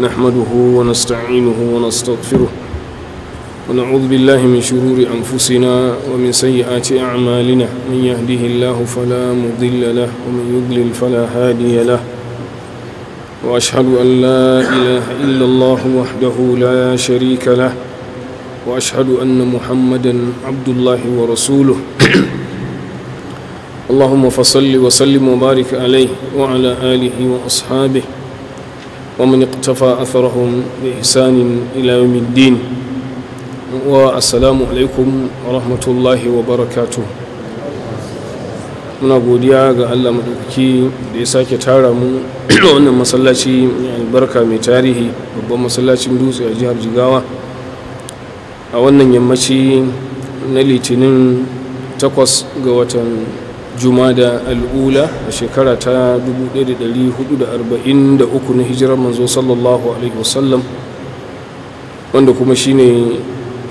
نحمده ونستعينه ونستغفره ونعوذ بالله من شرور أنفسنا ومن سيئات أعمالنا من يهده الله فلا مضل له ومن يضلل فلا هادي له وأشهد أن لا إله إلا الله وحده لا شريك له وأشهد أن محمدا عبد الله ورسوله اللهم فصل وسلم وبارك عليه وعلى آله وأصحابه ومن واقتفى أثرهم بإحسان إلى يوم الدين والسلام alaikum wa wabarakatuh muna godiya ga allah maɗaukaki da ya sake tara mu wannan masallaci albarka mai tarihi babban masallacin dutse a jihar jigawa a wannan yammaci na litinin 8 ga watan jumada al'ula a shekara ta 1443 na hijirar manzo sallallahu alaihi wasallam wanda kuma shine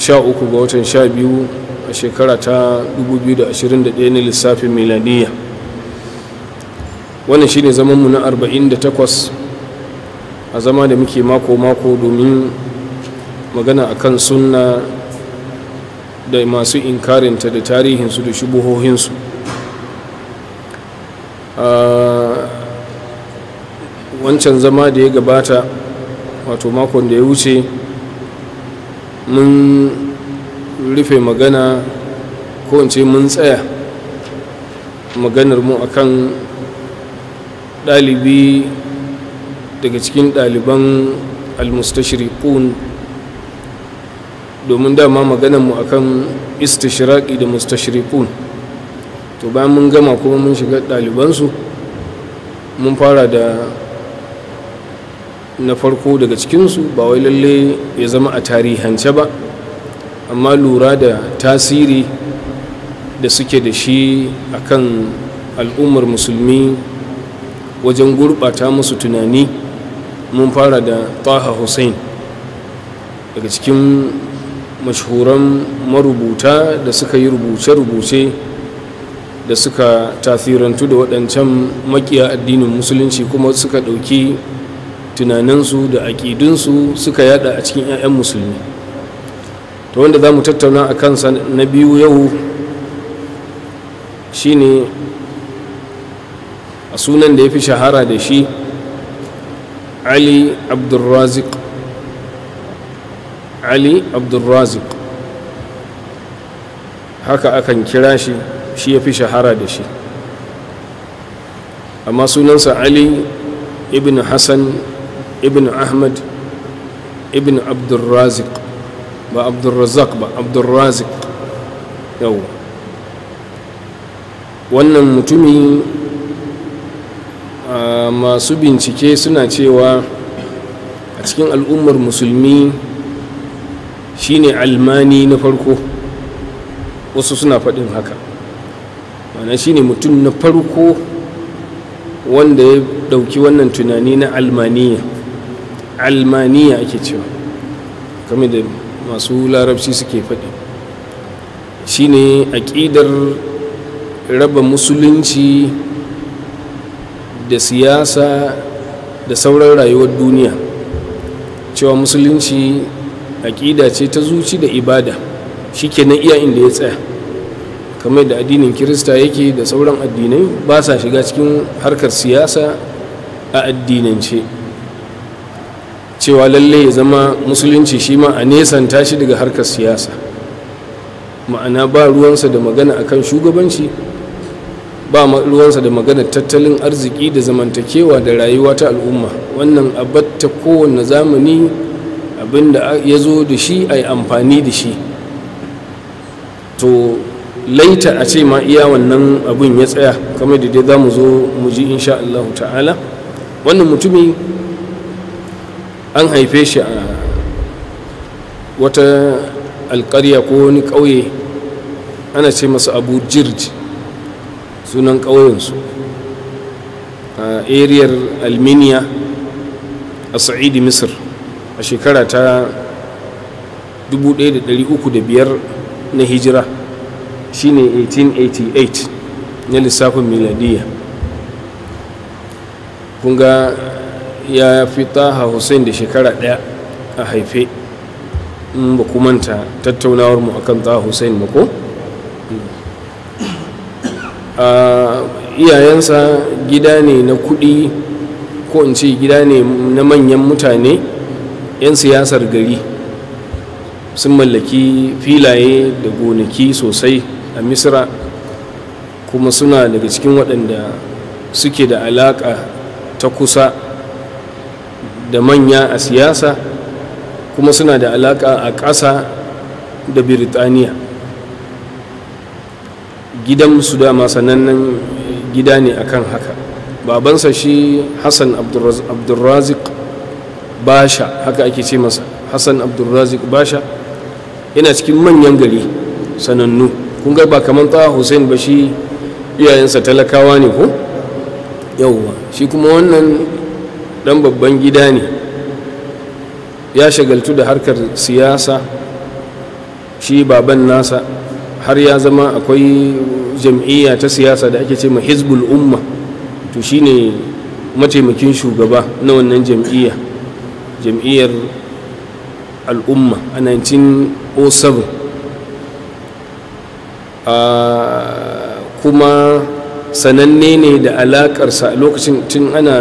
13 ga watan 12 a shekara ta 2021 na lissafin miladiya wannan shine zamanmu na 48 a zama da muke mako-mako domin magana akan sunna da masu inkarinta da tarihinsu da shubuhohinsu Uh, wancan zama da ya gabata wato makon da ya wuce mun rufe magana ko in ce mun tsaya maganar mu akan ɗalibi daga cikin ɗaliban almustashriqun domin dama maganar mu akan istishraƙi da mustashriqun to bayan mun gama kuma mun shiga ɗalibansu mun fara da na farko daga cikinsu ba wai lalle ya zama a tarihance ba amma lura da tasiri da suke da shi a kan al'ummar musulmi wajen gurɓata musu tunani mun fara da taha hussain daga cikin mashhuran marubuta da suka yi rubuce-rubuce da suka tasirantu da waɗancan makiya addinin musulunci kuma suka ɗauki tunaninsu da aƙidunsu suka yada a cikin 'ya'yan musulmi Ta wanda za mu tattauna a kansa na biyu yau shi ne a sunan da ya fi shahara da shi ali abdulrazik ali abdulrazik haka akan kira shi shi ya fi shahara da shi amma sunansa ali ibn hassan ibn ahmad ibn abdulrazik ba abdulrazak ba abdulrazik yau wannan mutumi masu bincike suna cewa a cikin al'ummar musulmi shine almani na farko wasu suna faɗin haka wannan shine mutum na farko wanda ya ɗauki wannan tunani na almaniya almaniya ake cewa kamar da masu larabci suke faɗi shine aƙidar raba musulunci da siyasa da sauran rayuwar duniya cewa musulunci aƙida ce ta zuci da ibada shi ke na iya inda ya tsaya kamar da addinin kirista yake da sauran addinai ba sa shiga cikin harkar siyasa a addinance cewa lalle ya zama musulunci shi ma a nesanta shi daga harkar siyasa ma'ana ba ruwansa da magana akan shugabanci ba ruwansa da magana tattalin arziki da zamantakewa da rayuwa ta al'umma wannan abatta kowane zamani abinda ya zo da shi a yi amfani da shi to laita a ce ma iya wannan abun ya tsaya kamar da dai za mu zo mu ji insha Allah ta'ala wannan mutumi an haife shi a wata alkarya ko wani ƙauye ana ce masa abu jirji sunan ƙauyensu a ariyar alminiya a sa'idi misir a shekara ta 1305 na hijira shine 1888 na lissafin miladiyya kunga ya fi taha hussein da shekara daya a haife in ba kumanta tattaunawar mu akan taha hussein ba ko iyayensa gida ne na kudi ko in ce gida ne na manyan mutane 'yan siyasar gari sun mallaki filaye da gonaki sosai a misra kuma suna daga cikin waɗanda suke da alaƙa ta kusa da manya a siyasa kuma suna da alaƙa a ƙasa da birtaniya gidan su dama sanannen gida ne akan haka babansa shi hassan abdulrazik basha haka ake ce masa hassan abdulrazik basha yana cikin manyan gari sanannu kun ga ba kamar tsawa hussein ba shi iyayensa talakawa ne ko yauwa shi kuma wannan dan babban gida ne ya shagaltu da harkar siyasa shi baban nasa har ya zama akwai jam'iyya ta siyasa da ake ce ma hezbul umma to shi ne mataimakin shugaba na wannan jam'iyyar al'umma a 1907 kuma sananne ne da alakarsa lokacin tun ana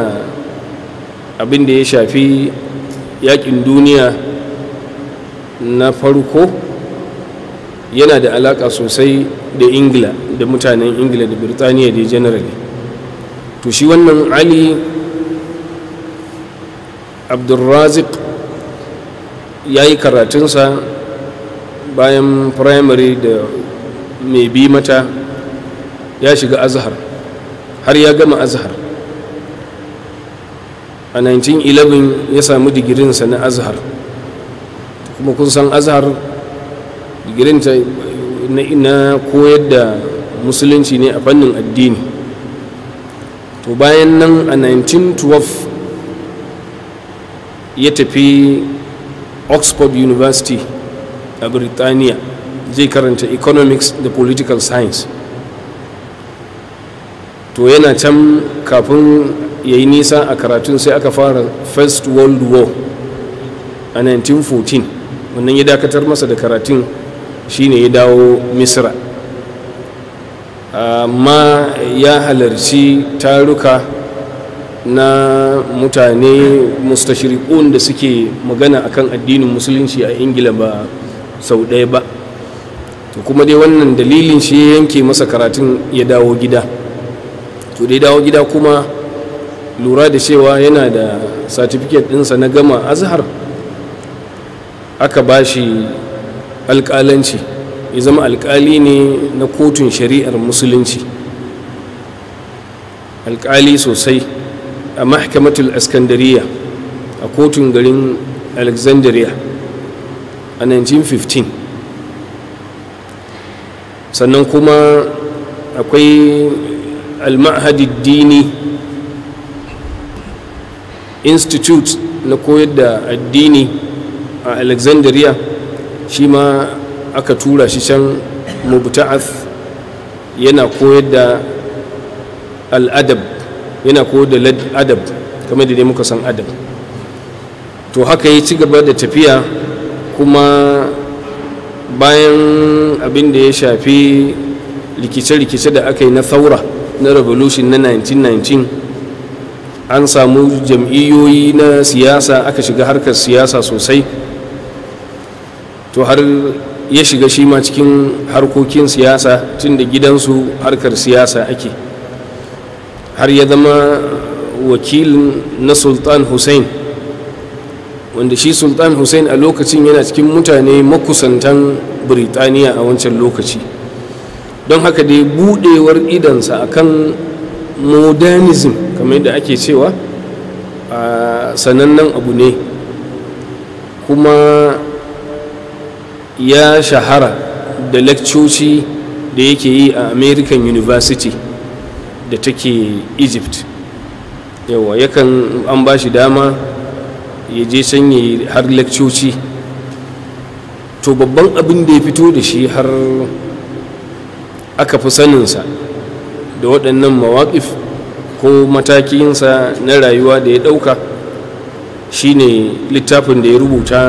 abin da ya shafi yakin duniya na farko yana da alaka sosai da ingila da mutanen ingila da birtaniya da generally to shi wannan ali abdulrazik ya yi karatunsa bayan primary da mai bi mata ya shiga azhar har ya gama azhar a 1911 ya samu digirinsa na azhar kuma kun san azhar digirinta na koyar da musulunci ne a fannin addini to bayan nan a 1912 ya tafi oxford university a birtaniya zai karanta economics da political science to yana can kafin ya yi nisa a karatun sai aka fara first world war a 1914 wannan ya dakatar masa da karatun shine ya dawo misra amma ya halarci taruka na mutane mustashirikun da suke magana akan addinin musulunci a ingila ba sau ɗaya ba to kuma dai wannan dalilin shi yanke masa karatun ya dawo gida to dai dawo gida kuma lura da cewa yana da satifiket ɗinsa na gama azhar aka ba shi alƙalanci ya zama alƙali ne na kotun shari'ar musulunci alƙali sosai a mahkamatul askandariya a kotun garin alexandria a 1915 sannan kuma akwai almahadiddini institute na koyar da addini a alexandria shi ma aka tura shi can mubta'af yana koyar da al'adab yana koyar da adab kamar da ne muka san adab to haka ya ci gaba da tafiya kuma bayan abin da ya shafi rikice-rikice da aka yi na saura na revolution na 1919 an samu jam'iyyoyi na siyasa aka shiga harkar siyasa sosai to har ya shiga shi ma cikin harkokin siyasa tun da gidansu harkar siyasa ake har ya zama wakilin na sultan hussein wanda shi sultan hussein a lokacin yana cikin mutane makusantan birtaniya a wancan lokaci don haka dai budewar idansa akan modernism kamar yadda ake cewa a sanannen abu ne kuma ya shahara da lakcoci da yake yi a american university da take egypt yawa yakan an ba shi dama ya je can yi har lakcoci to babban abin da ya fito da shi har aka fi saninsa da waɗannan mawaƙif ko matakinsa na rayuwa da ya ɗauka shine littafin da ya rubuta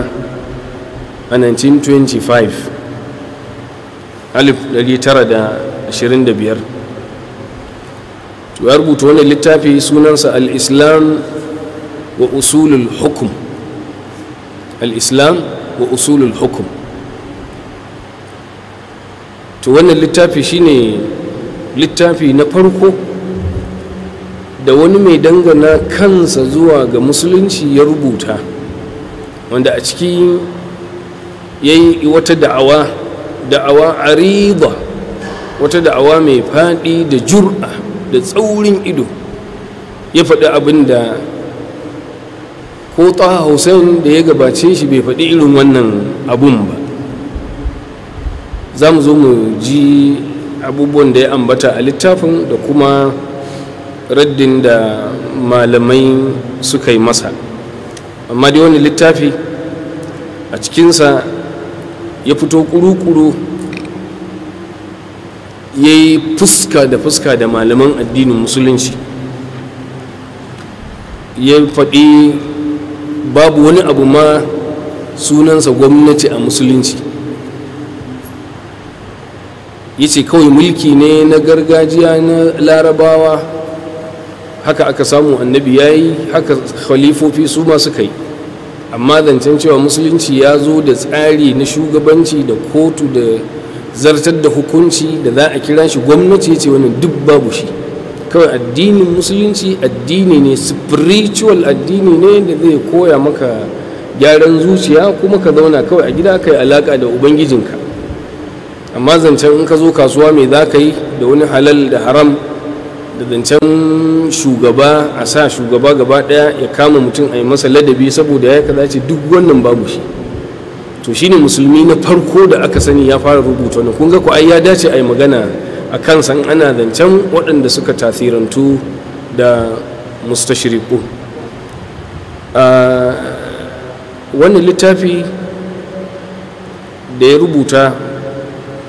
a 1925 1925 to ya rubuta wani littafi sunansa al-islam wa usulul hukum al-islam wa usulul hukum to wannan littafi shine littafi na farko da wani mai dangana kansa zuwa ga musulunci ya rubuta wanda a ciki ya yi wata da'awa da'awa a riba wata da'awa mai faɗi da jur'a da tsaurin ido ya faɗi abin da ko taha hussein da ya gabace shi bai faɗi irin wannan abun ba za mu zo mu ji abubuwan da ya ambata a littafin da kuma raddin da malamai suka yi masa amma dai wani littafi a cikinsa ya fito kuru-kuru ya yi fuska da fuska da malaman addinin musulunci ya faɗi babu wani abu ma sunansa gwamnati a musulunci ya ce kawai mulki ne na gargajiya na larabawa haka aka samu annabi ya yi haka khalifofi su masu kai amma zancen cewa musulunci ya zo da tsari na shugabanci da kotu da zartar da hukunci da za a kira shi gwamnati ya ce wani duk babu shi kawai addinin musulunci addini ne spiritual addini ne da zai koya maka gyaran zuciya kuma ka zauna kawai a gida ka yi alaka da ubangijinka amma zancen in ka zo kasuwa mai za ka yi da wani halal da haram da zancen shugaba a sa shugaba gaba daya ya kama mutum a yi masa ladabi saboda ya kaza ce duk wannan babu shi to shine musulmi na farko da aka sani ya fara rubuta wannan kun ga ku ai ya dace a yi magana a kan san ana zancen waɗanda suka tasirantu da mustashriku wani littafi da ya rubuta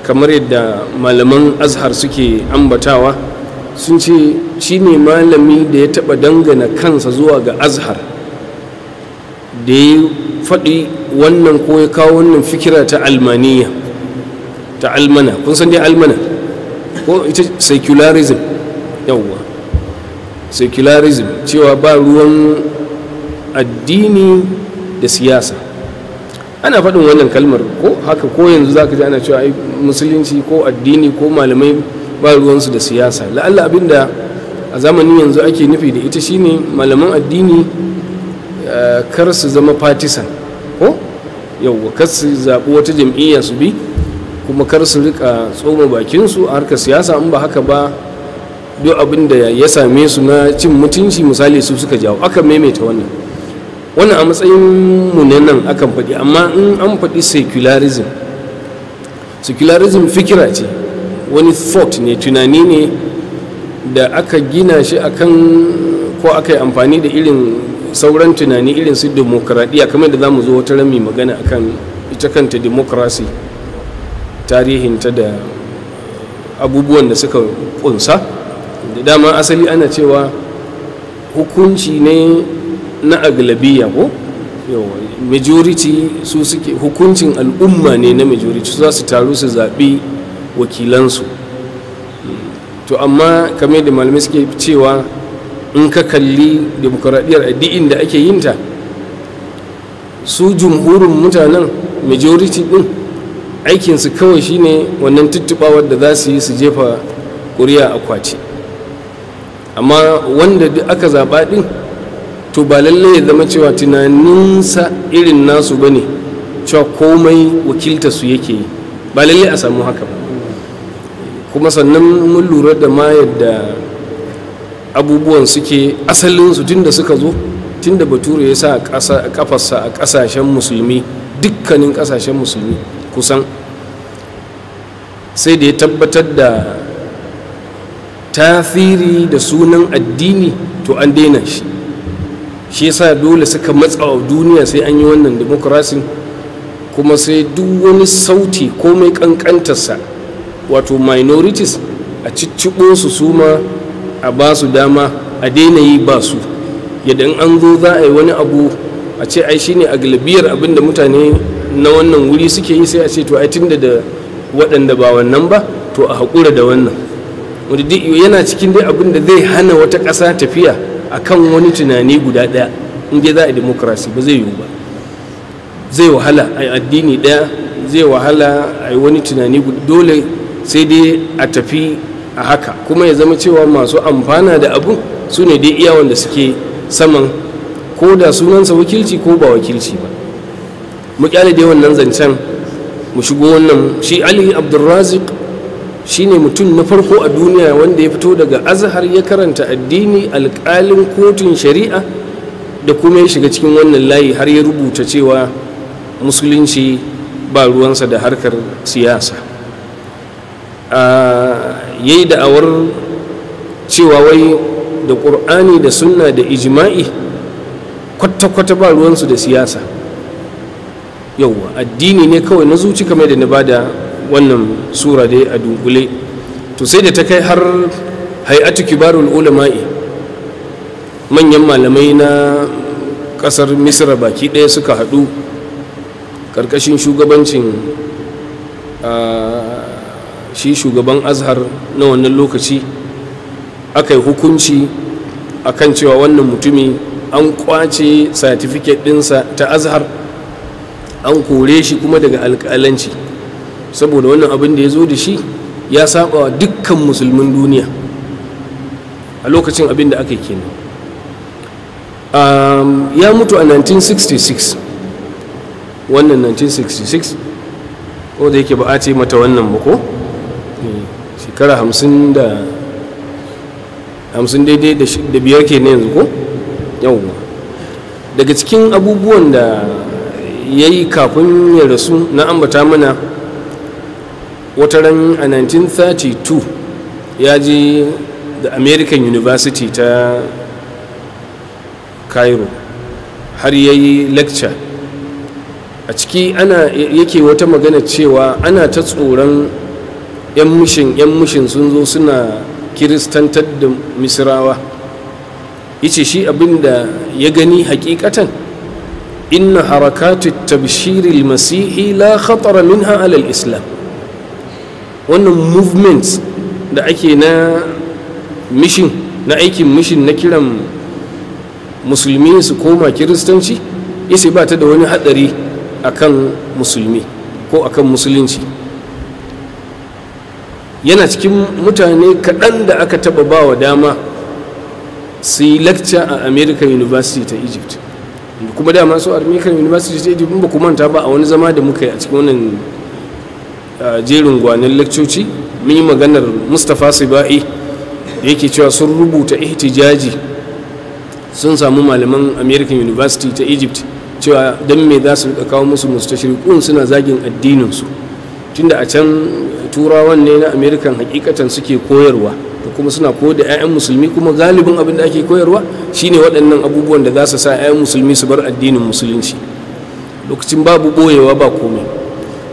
kamar yadda malaman azhar suke ambatawa sun ce shi ne malami da ya taɓa dangana kansa zuwa ga azhar da ya faɗi wannan ko ya kawo wannan fikira ta almaniya ta almana kun san dai almana ko ita secularism yawwa secularism cewa ba ruwan addini da siyasa ana faɗin wannan kalmar ko haka ko yanzu za ka ji ana cewa ai musulunci ko addini ko malamai ba ruwansu da siyasa la'alla abinda a zamanin yanzu ake nufi da ita shine malaman addini eh, kar su zama partisan ko yawwa kar su zaɓi wata jam'iyya su bi kuma kar su rika tsoma bakinsu a harkar siyasa in ba haka ba duk abin da ya same su na cin mutunci misali su suka jawo aka maimaita wannan wannan a matsayin mu ne nan akan faɗi amma in an faɗi secularism secularism fikira ce wani thought ne tunani ne da aka gina shi akan ko aka yi amfani da irin sauran tunani irin su demokradiyya kamar da za mu zo wata rami magana akan ita kanta demokrasi tarihinta da abubuwan da suka kunsa da dama asali ana cewa hukunci ne na aglabiya ko majority su suke hukuncin al'umma ne na majority su za su taru su zaɓi wakilansu to amma kame da malamai suke cewa in ka kalli demokuraɗiyar addi'in da ake yinta su jumhurin mutanen majority ɗin aikinsu kawai shine wannan tuttuɓawar da za su yi su jefa ƙuri'a a kwace amma wanda duk aka zaɓa ɗin to ba lallai ya zama cewa tunaninsa irin nasu ba ne cewa komai su yake yi ba lallai a samu haka ba kuma sannan mun lura da ma yadda abubuwan suke asalinsu tun suka zo tunda da bature ya sa a kafarsa a ƙasashen musulmi dukkanin ƙasashen musulmi kusan sai da ya tabbatar da tasiri da sunan addini to an daina shi shi yasa dole suka matsa a duniya sai an yi wannan demokrasi? kuma sai duk wani sauti ko mai kankantarsa wato minorities a cicciɓo su suma a ba su dama a daina yi ba su yadda an zo za a yi wani abu a ce ai shine a galibiyar abinda mutane na wannan wuri suke yi sai a ce to ai tunda da waɗanda ba wannan ba to a haƙura da wannan yana cikin dai abin da zai hana wata ƙasa tafiya a kan wani tunani guda ɗaya in dai za a yi ba zai yiwu ba zai wahala a addini ɗaya zai wahala a wani tunani guda dole sai dai a tafi a haka kuma ya zama cewa masu amfana da abu su ne dai iya wanda suke saman ko da sunansa wakilci ko ba wakilci ba mu kyale dai wannan zancen mu shigo wannan shi ali abdulrazik shi ne mutum na farko a duniya wanda ya fito daga azhar ya karanta addini alƙalin kotun shari'a da kuma ya shiga cikin wannan layi har ya rubuta cewa musulunci ba ruwansa da harkar siyasa ya yi da'awar cewa wai da ƙur'ani da sunna da ijima'i kwata-kwata ba ruwansu da siyasa yauwa addini ne kawai na zuci kamar da na da wannan sura dai a dunkule to sai da ta kai har hai'atu kibarul ulama'i manyan malamai na kasar Misira baki ɗaya suka haɗu ƙarƙashin shugabancin shi shugaban azhar na wannan lokaci aka yi hukunci akan cewa wannan mutumi an kwace satifiket ɗinsa ta azhar an kore shi kuma daga alƙalanci saboda wannan abin da ya zo da shi ya saba wa dukkan musulmin duniya a lokacin abin da aka kenan ya mutu a 1966 wannan 1966 ko da yake ba a ce mata wannan ba ko eh, shekara 50 da hamsin daidai da biyar ke na yanzu ko yawwa daga cikin abubuwan da ya yi kafin ya rasu na ambata mana wata ran a 1932 ya je da american university ta cairo har ya yi lecture a ciki ana yake wata magana cewa ana ta tsoron 'yan mushin 'yan mushin sun zo suna kiristantar da misirawa ce shi abin da ya gani hakikatan inna harakatu tabshiril masihi la khatara minha alal islam wannan movement da ake na mishin na aikin mishin na kiran musulmi su koma kiristanci isi ba ta da wani hadari akan musulmi ko akan musulunci yana cikin mutane kaɗan da aka taɓa bawa dama su yi lecture a american university ta egypt kuma dama su armikan university ta idibin ba ku manta ba a wani zama da muka yi a cikin wannan jerin gwanin lakcoci mun yi maganar mustapha sibai da yake cewa sun rubuta ihtijaji sun samu malaman american university ta egypt cewa don me za su kawo musu mustashirikun suna zagin addininsu tunda a can turawan ne na amerikan hakikatan suke koyarwa da kuma suna koyar da 'ya'yan musulmi kuma galibin abin da ake koyarwa shine waɗannan abubuwan da za su sa 'ya'yan musulmi su bar addinin musulunci lokacin babu boyewa ba komai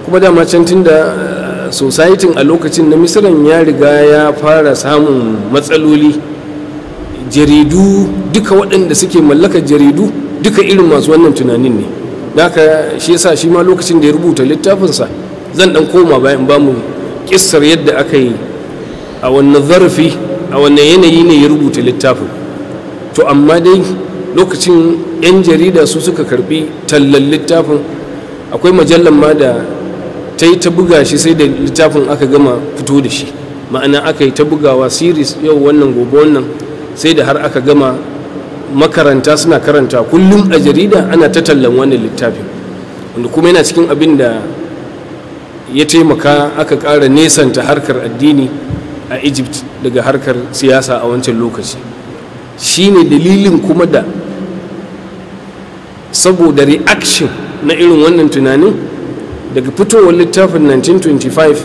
kuma dama can tun da eh, sosaitin a lokacin na misiran ya riga ya fara samun matsaloli jaridu duka waɗanda suke mallakar jaridu duka irin masu wannan tunanin ne da shi yasa shi ma lokacin da ya rubuta littafinsa zan dan koma bayan bamu kissar yadda aka yi a wannan zarafi a wannan yanayi ne ya rubuta littafin to amma dai lokacin 'yan jarida su suka karbi tallan littafin akwai majallan ma da ta yi ta buga shi sai da littafin aka gama fito da shi ma'ana aka yi ta bugawa siris yau wannan gobe wannan sai da har aka gama makaranta suna karanta kullum a jarida ana ta tallan wannan littafin wanda kuma yana cikin abin da ya taimaka aka ƙara nesanta harkar addini a egypt daga harkar siyasa a wancan lokaci shi ne dalilin kuma da saboda reaction na irin wannan tunanin daga fitowar littafin 1925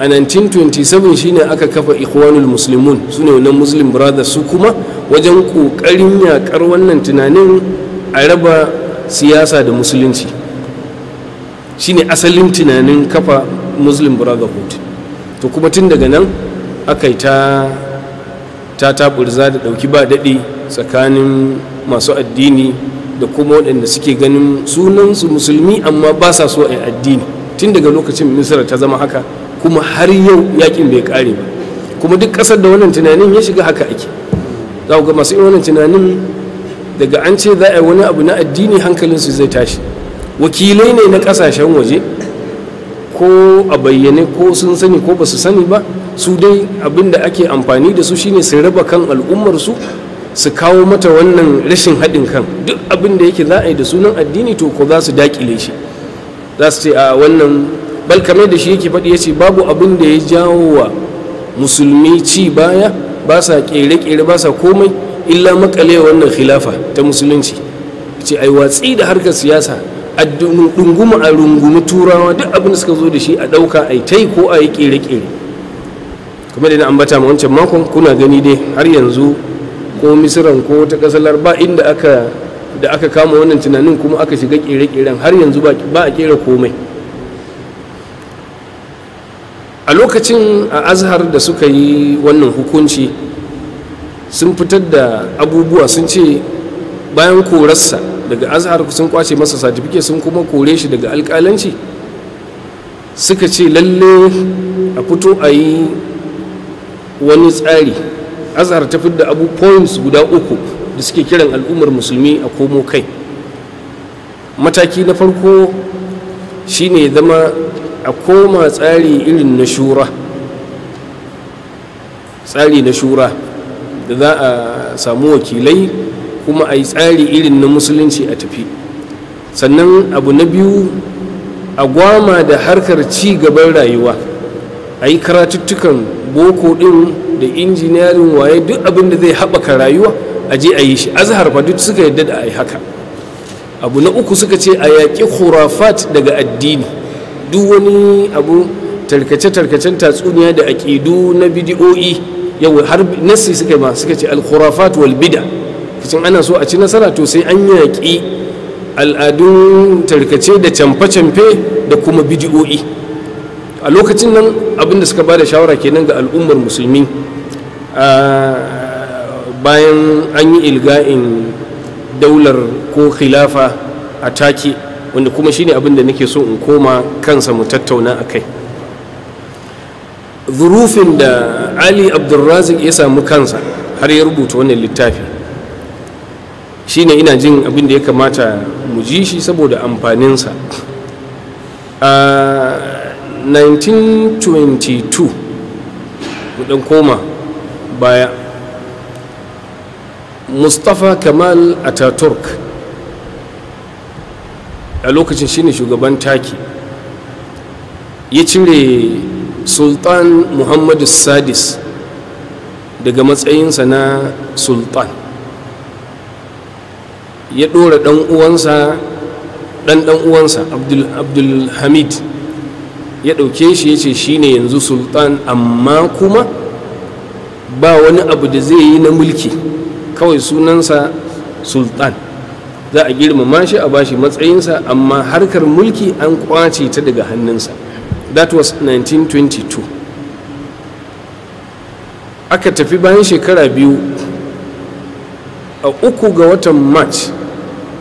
a 1927 shine aka kafa ikhwanul muslimun su ne wannan muslim brothers su kuma wajen ƙoƙarin yaƙar wannan tunanin a raba siyasa da musulunci shine asalin tunanin kafa muslim brotherhood to kuma tun daga nan aka yi ta taburza da ɗauki ba daɗi tsakanin masu addini da kuma waɗanda suke ganin sunansu musulmi amma ba sa so a addini tun daga lokacin misira ta zama haka kuma har yau yakin bai ƙare ba kuma duk ƙasar da wannan tunanin ya shiga haka ake za ga masu yi wannan tunanin daga an ce za a yi wani abu na addini hankalinsu zai tashi wakilai ne na kasashen waje ko a bayyane ko sun sani ko ba su sani ba su dai abinda ake amfani da su shine su raba kan al'ummarsu su kawo mata wannan rashin haɗin kan duk abinda yake za a yi da sunan addini to ko za su dakile shi za su ce a wannan balkamai da shi yake faɗi ya ce babu abin da ya jawo wa musulmi ci baya ba sa ƙere-ƙere ba sa komai illa makale wannan khilafa ta musulunci ce ai watsi da harkar siyasa a dunguma a rungumi turawa duk abin da suka zo da shi a ɗauka a yi ko a yi ƙere-ƙere kuma da na bata ma wancan makon kuna gani dai har yanzu ko misiran ko ta kasalar ba inda aka kama wannan tunanin kuma aka shiga ƙere-ƙeren har yanzu ba a ƙera komai a lokacin a azhar da suka yi wannan hukunci sun fitar da abubuwa sun ce bayan korarsa daga azhar sun kwace masa certificate sun kuma kore shi daga alkalanci suka ce lalle a fito a yi wani tsari azhar ta fidda abu points guda uku da suke kiran al'ummar musulmi a komo kai mataki na farko shine zama a koma tsari irin na shura tsari na shura da za a samu wakilai kuma a yi tsari irin na musulunci a tafi sannan abu na biyu a gwama da harkar ci gaban rayuwa a yi karatuttukan boko ɗin da injiniyarin waye duk abin da zai haɓaka rayuwa a je a yi shi azhar fa duk suka yadda da a yi haka abu na uku suka ce a yaƙi khurafat daga addini duk wani abu tarkace-tarkacen tatsuniya da aƙidu na bidi'o'i yau har nasi suka yi ma suka ce al-khurafat wal bid'a kacin ana so a ci nasara to sai an yaƙi al'adun tarkace da camfe-camfe da kuma bidiyo'i a lokacin nan abinda suka ba da shawara kenan ga al'ummar musulmi bayan an yi ilga'in daular ko khilafa a take wanda kuma shine abinda nake so in koma kansa mu tattauna a kai zurufin da ali abdulrazik ya samu kansa har ya rubuta wannan littafi shine ina jin abin da ya kamata mu ji shi saboda amfaninsa a 1922 dan koma baya mustapha kamal ataturk a lokacin shine shugaban taki ya cire sultan muhammadu sadis daga matsayinsa na sultan ya ɗora ɗan uwansa ɗan ɗan uwansa abdulhamid ya ɗauke shi ya ce shi ne yanzu sultan amma kuma ba wani abu da zai yi na mulki kawai sunansa sultan za a girmama shi a bashi matsayinsa amma harkar mulki an kwace ta daga hannunsa that was 1922 aka tafi bayan shekara biyu a uku ga watan march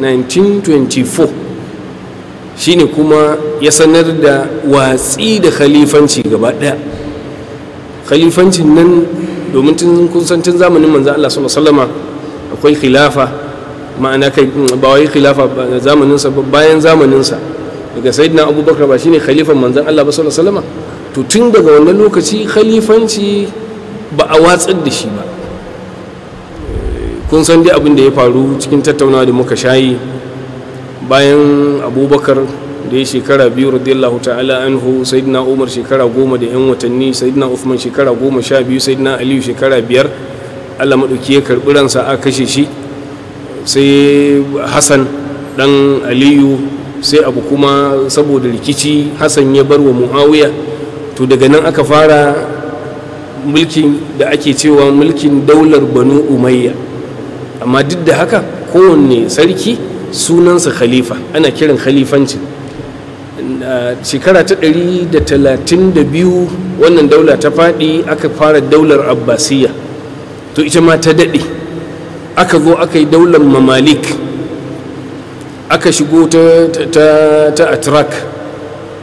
1924 shine kuma ya sanar da watsi da khalifanci gaba daya khalifancin nan domin tun tun zamanin manzan Allah sallama akwai khilafa ma'ana kai ba wai khilafa zamaninsa bayan zamaninsa daga sayyidina abubakar ba shine khalifan manzan Allah ba sallama to tun daga wannan lokaci khalifanci ba a watsar da shi ba kun san dai abin da ya faru cikin tattaunawa da muka shayi bayan abubakar da ya shekara biyu radiyallahu ta'ala anhu sayyidina umar shekara goma da yan watanni sayyidina uthman shekara goma sha biyu sayyidina aliyu shekara biyar allah maɗauki ya karɓi ransa a kashe shi sai hassan ɗan aliyu sai abu kuma saboda rikici hassan ya bar wa muawiya to daga nan aka fara mulkin da ake cewa mulkin daular banu umayya amma duk da haka kowane sarki sunansa khalifa ana kiran khalifanci, shekara ta 132 wannan daula ta faɗi aka fara daular abbasiyya to ita ma ta daɗe aka zo aka yi daular mamalik aka shigo ta atrak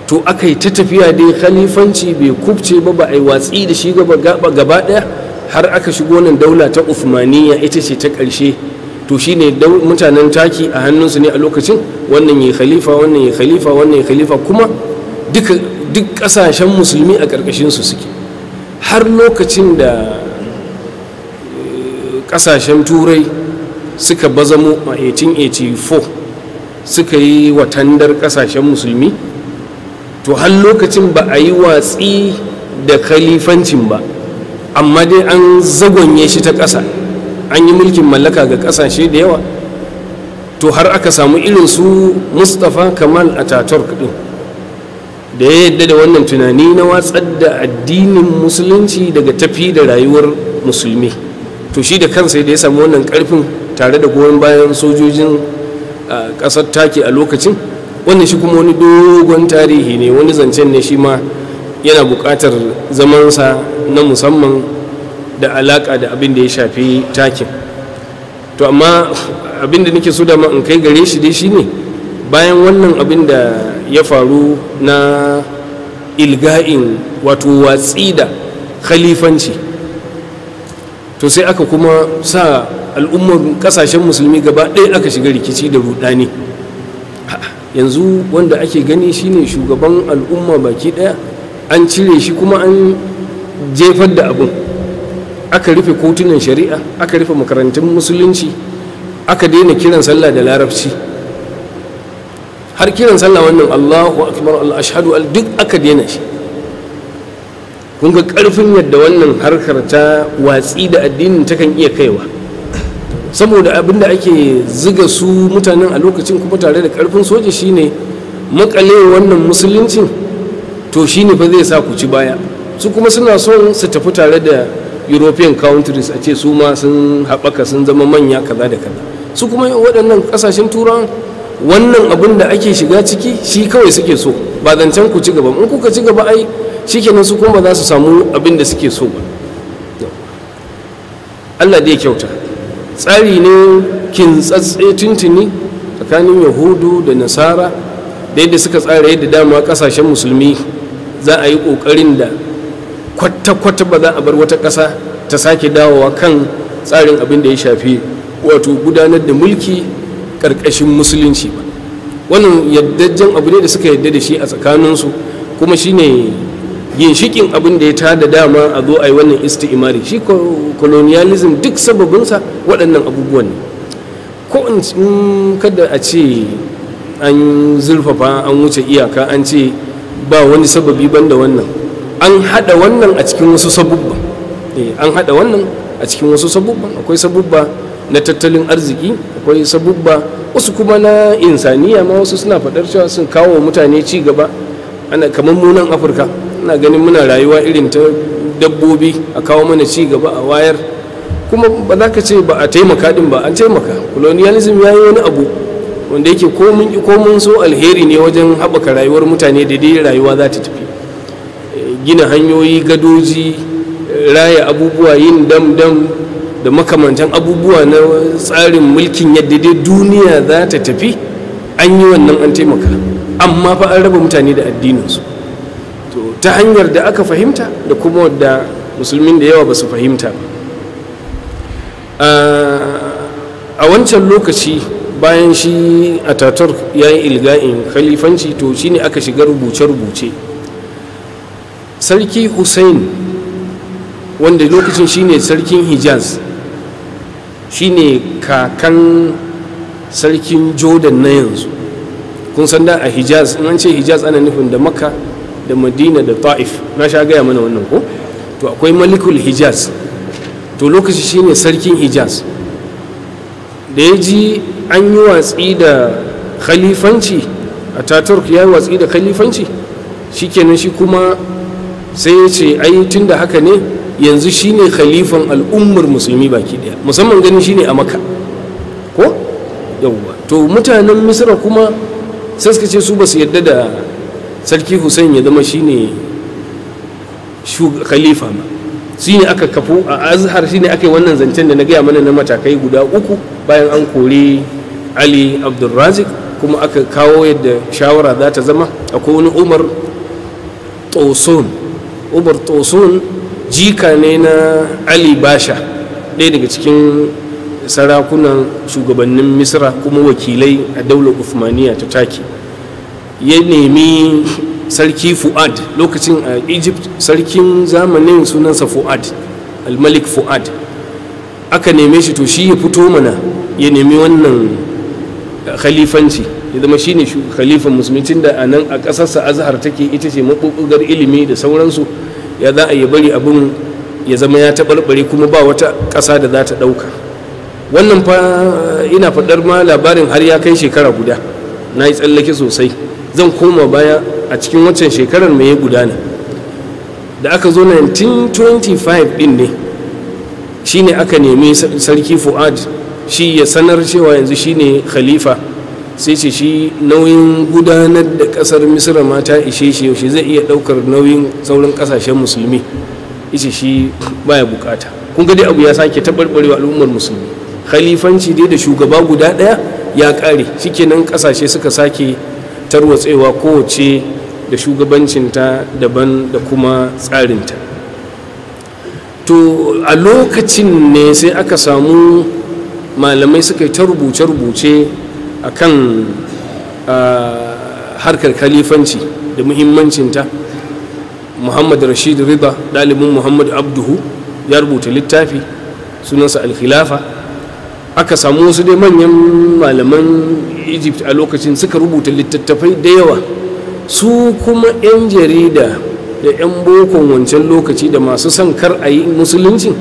to aka yi ta tafiya dai khalifanci bai kubce ba ba a yi watsi da shi gaba ɗaya har aka shigo nan daula ta uthmaniyya ita ce ta ƙarshe to shine mutanen taki a hannunsu ne a lokacin wannan ya khalifa wannan ya khalifa wannan ya khalifa kuma duk ƙasashen musulmi a ƙarƙashin su suke har lokacin da eh, ƙasashen turai suka bazamo a 1884 suka yi watandar ƙasashen musulmi to har lokacin ba a yi watsi da khalifancin ba amma dai an zagonye shi ta ƙasa an yi mulkin mallaka ga ƙasashe da yawa to har aka samu irin su mustapha kamal ataturk din da ya yadda da wannan tunani na watsar da addinin musulunci daga tafi da rayuwar musulmi to shi da kansa da ya samu wannan karfin tare da goyon bayan sojojin ƙasar taki a lokacin wannan shi kuma wani dogon tarihi ne wani zancen ne shi ma yana buƙatar zamansa na musamman da alaƙa da abin da ya shafi takin to amma abin da nake so da ma in kai gare shi dai shine bayan wannan abin da ya faru na ilga'in wato watsi da khalifanci to sai aka kuma sa al'ummar kasashen musulmi gaba ɗaya aka shiga rikici da rudani yanzu wanda ake gani shine shugaban al'umma baki ɗaya an cire shi kuma an jefar da abin aka rufe kotunan shari'a aka rufe makarantun musulunci aka daina kiran sallah da larabci har kiran sallah wannan allahu akbar al duk aka daina shi kun ga karfin yadda wannan harkar ta watsi da addinin ta kan iya kaiwa saboda abin da ake ziga su mutanen a lokacin kuma tare da karfin soja shine makale wannan musulunci. to shi ne fa zai sa ku ci baya su kuma suna son su tafi tare da european countries a ce su ma sun haɓaka sun zama manya kaza da kaza su kuma waɗannan ƙasashen turawan wannan abin da ake shiga ciki shi kawai suke so ba zancen ku ci gaba in kuka ci gaba ai kenan su kuma za su samu abin da suke so ba Allah dai kyauta tsari ne kin kintsatse tuntuni tsakanin yahudu da nasara da yadda suka tsara yadda dama kasashen musulmi za a yi ƙoƙarin da kwata-kwata ba za a bar wata ƙasa ta sake dawowa kan tsarin abin da ya shafi wato gudanar da mulki ƙarƙashin musulunci ba wannan yaddajen abu ne da suka yadda da shi a tsakaninsu kuma shi shine ginshikin abin da ya da dama a zo a yi wannan isti'imari shi colonialism duk sababinsa waɗannan abubuwan ne ko in kada a ce an zurfafa an wuce iyaka an ce ba wani sababi banda wannan an hada wannan a cikin wasu sabubba eh, an hada wannan a cikin wasu sabubba akwai sabubba na tattalin arziki akwai sabubba wasu kuma na insaniya ma wasu suna faɗar cewa sun kawo mutane ci gaba ana kamar munan afirka ana ganin muna rayuwa irin ta dabbobi a kawo mana ci gaba a wayar kuma ba za ka ce ba a taimaka din ba an taimaka colonialism ya yi wani abu wanda yake ko mun so alheri ne wajen haɓaka rayuwar mutane da dai rayuwa za ta tafi gina hanyoyi gadoji raya abubuwa yin dam-dam da makamantan abubuwa na tsarin mulkin yadda dai duniya za ta tafi an yi wannan an taimaka amma fa an raba mutane da addininsu to ta hanyar da aka fahimta da kuma wadda musulmin da yawa ba su fahimta ah, a wancan lokaci bayan shi ataturk ya yi ilga'in khalifanci to shine aka shiga rubuce-rubuce sarki hussein wanda lokacin shine sarkin hijaz shine kakan sarkin jordan na yanzu kun san da a hijaz in an ce hijaz ana nufin da makka da madina da ta'if na sha gaya mana wannan ko to akwai malikul hijaz to lokaci shine sarkin hijaz da ya ji an yi watsi da khalifanci a taturk ya yi watsi da khalifanci kenan shi kuma sai ya ce ai tun da haka ne yanzu shine khalifan al'ummar musulmi baki daya musamman ganin shine a maka ko yawwa to mutanen Misira kuma sai suka ce su ba su yadda da sarki hussein ya zama shine khalifa ma shi ne aka kafu a azhar shi ne aka yi wannan zancen da na gaya mana na matakai guda uku bayan an kori ali abdulrazik kuma aka kawo yadda shawara za ta zama akwai wani umar tosun umar tosun jika ne na ali basha ɗaya daga cikin sarakunan shugabannin misra kuma wakilai a daular uthmaniya ta taki ya nemi sarki fu'ad lokacin a egypt sarkin zamanin sunansa fu'ad al-malik fu'ad aka neme shi to shi ya fito mana ya nemi wannan eh, khalifanci ya zama ne khalifan musulmi da a nan a kasarsa azahar take ita ce maɓuɓɓugar ilimi da sauransu ya za a yi bari abin ya zama ya taɓarɓare kuma ba wata ƙasa da za ta ɗauka wannan fa ina faɗar ma labarin har ya kai shekara guda na yi tsallake sosai zan koma baya a cikin waccan shekarar mai ya gudana da aka zo 1925 ɗin ne shine aka nemi sarki fu'ad shi ya sanar cewa yanzu shine khalifa sai ce shi nauyin gudanar da kasar misira mata ta ishe shi yaushe zai iya daukar nauyin sauran kasashen musulmi ishe shi baya bukata kun ga dai abu ya sake taɓarɓarewa al'ummar musulmi khalifanci dai da shugaba guda ɗaya ya ƙare shikenan kasashe suka sake tarwatsewa kowace da shugabancinta daban da kuma tsarinta to a lokacin ne sai aka samu malamai suka yi ta rubuce-rubuce a kan harkar kalifanci da muhimmancinta muhammad rashid riba dalibin muhammad abduhu ya rubuta littafi sunansa alkhilafa aka samu wasu dai manyan malaman egypt a lokacin suka rubuta littattafai da yawa su kuma 'yan jarida da 'yan bokon wancan lokaci da masu son kar a yi musuluncin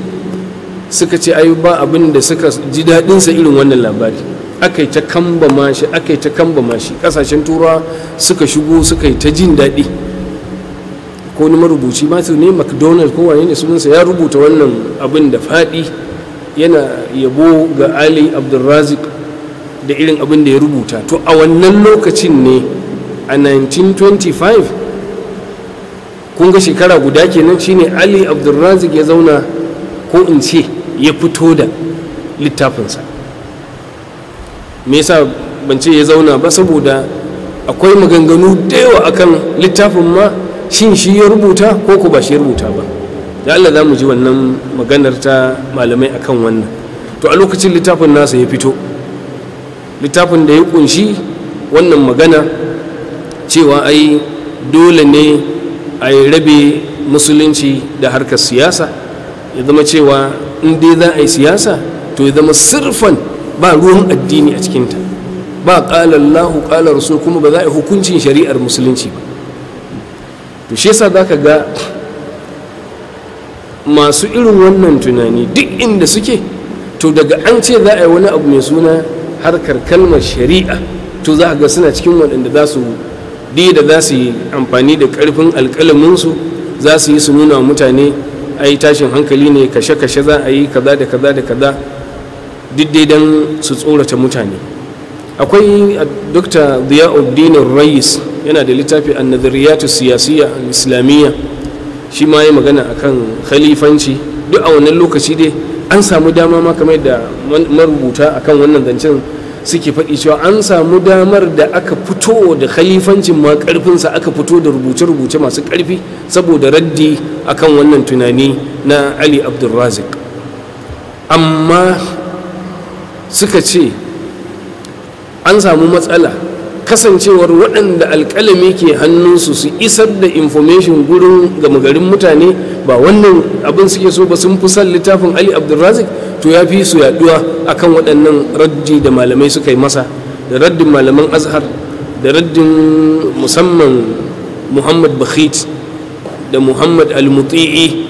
suka ce ai ba abin da suka ji daɗinsa irin wannan labari aka yi ta kamba mashi aka yi ta kamba mashi ƙasashen turawa suka shigo suka yi ta jin daɗi ko ni marubuci su ne mcdonald ko wane ne sunansa ya rubuta wannan abin da faɗi yana yabo ga ali abdulrazik da irin abin da ya rubuta to a wannan lokacin ne a 1925 kun ga shekara guda kenan shine ali abdulrazik ya zauna ko in ce ya fito da littafinsa me yasa ban ce ya zauna ba saboda akwai maganganu da yawa akan littafin ma shin shi ya rubuta ko ko ba shi ya rubuta ba da Allah za mu ji wannan maganar ta malamai akan wannan to a lokacin littafin nasa ya fito littafin da ya kunshi wannan magana cewa ai dole ne a rabe musulunci da harkar siyasa ya zama cewa in dai za a yi siyasa to ya zama sirfan ba ruwan addini a cikinta ba ƙala Allahu ƙala su kuma ba za a yi hukuncin shari'ar musulunci ba to shi yasa zaka ga masu irin wannan tunani duk inda suke to daga an ce za a yi wani abu mai suna harkar kalmar shari'a to za ga suna cikin waɗanda za su duk da za su yi amfani da karfin su za su yi su nuna mutane yi tashin hankali ne kashe-kashe za a yi kaza da kaza da kaza duk dai don su tsorata mutane akwai dr ziyauddin rais yana da littafi a annazariyatu siyasiyya islamiyya shi ma ya magana akan khalifanci duk a wannan lokaci dai an samu dama ma kamar da marubuta akan wannan zancen suke faɗi cewa an samu damar da aka fito da khalifancin ma ƙarfinsa aka fito da rubuce-rubuce masu ƙarfi saboda raddi a kan wannan tunani na ali abdulrazik amma suka ce an samu matsala kasancewar waɗanda alƙalami ke hannunsu su isar da information gurin gama garin mutane ba wannan abin suke so ba sun fi son littafin ali abdulrazik to ya fi su yaɗuwa akan waɗannan raddi da malamai suka yi masa da raddin malaman azhar da raddin musamman muhammad bakhit da muhammad al-muti'i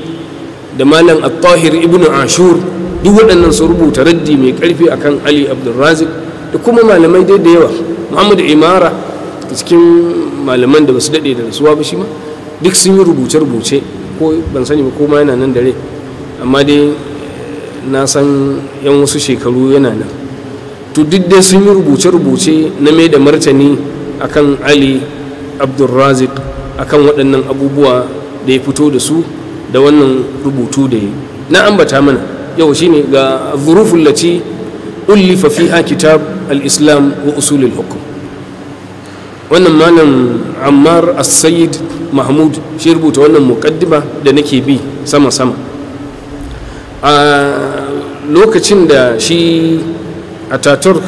da malam at-tahir ibn ashur duk waɗannan su rubuta raddi mai ƙarfi akan ali abdulrazik da kuma malamai dai da yawa muhammadu imara cikin malaman da basu daɗe da rasuwa ba shi ma duk sun yi rubuce-rubuce ko ban sani ba koma yana nan dare amma dai eh, na san yan wasu shekaru yana nan to duk dai sun yi rubuce-rubuce na mai da martani akan ali abdulrazik akan waɗannan abubuwa da ya fito da su da wannan rubutu da ya na ambata mana yau shine ga zurufin lati ullifa fiha kitab al-islam wa usulul hukum wannan malam ammar as-sayyid mahmud shi rubuta wannan mukaddima da nake bi sama sama a lokacin da shi a ataturk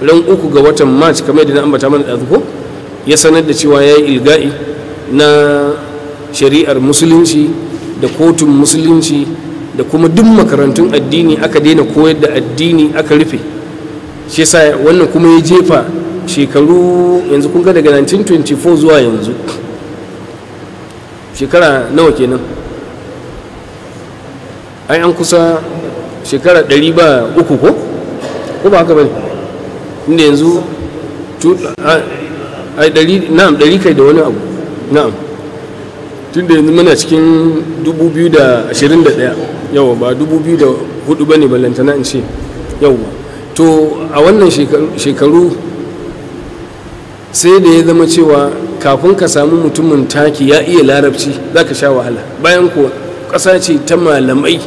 ran uku ga watan march kamar da na ambata mana da ko ya sanar da cewa ya yi ilga'i na shari'ar musulunci da kotun musulunci da kuma duk makarantun addini aka daina koyar da addini aka rufe shi yasa wannan kuma ya jefa shekaru yanzu kun ga daga 1924 zuwa yanzu shekara nawa kenan ai an kusa shekara ɗari ba uku ko ko ba haka bane inda yanzu ai ɗari na'am ɗari kai da wani abu na'am tunda yanzu muna cikin 2021 yawa ba dubu biyu da bane ba ne in ce yawa to a wannan shekaru sai da ya zama cewa kafin ka samu mutumin taki ya iya larabci za ka sha wahala bayan ko ƙasa ce ta malamai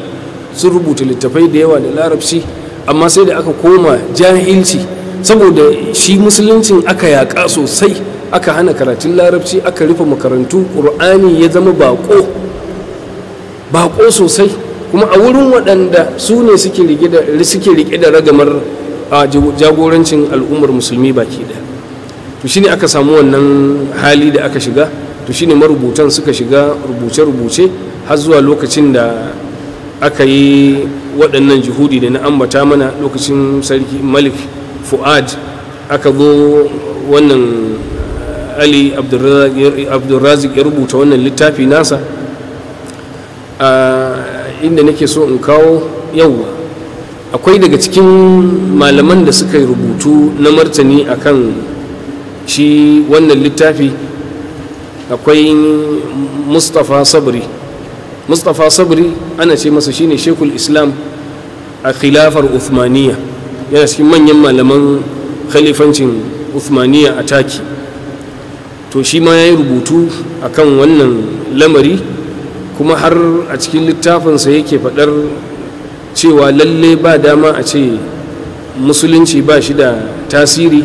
sun rubuta littafai da yawa da larabci amma sai da aka koma jahilci saboda shi musuluncin aka yaƙa sosai aka hana karatun larabci aka rufe makarantu ƙur'ani ya zama baƙo sosai kuma a wurin waɗanda su ne suke rike da ragamar jagorancin al'ummar musulmi baki da, to shine aka samu wannan hali da aka shiga to shine marubutan suka shiga rubuce-rubuce har zuwa lokacin da aka yi waɗannan jihudi da na ambata mana lokacin sarki malik fu'ad aka zo wannan ali abdulrazik ya rubuta wannan littafi nasa inda nake so in kawo yau akwai daga cikin malaman da suka yi rubutu na martani akan shi wannan littafi akwai mustapha sabri mustapha sabri ana ce masa shine shekul islam a khilafar uthmaniya yana cikin manyan malaman khalifancin uthmaniya a taki to shi ma ya yi rubutu akan wannan lamari kuma har a cikin littafinsa yake faɗar cewa lalle ba dama a ce musulunci ba shi da tasiri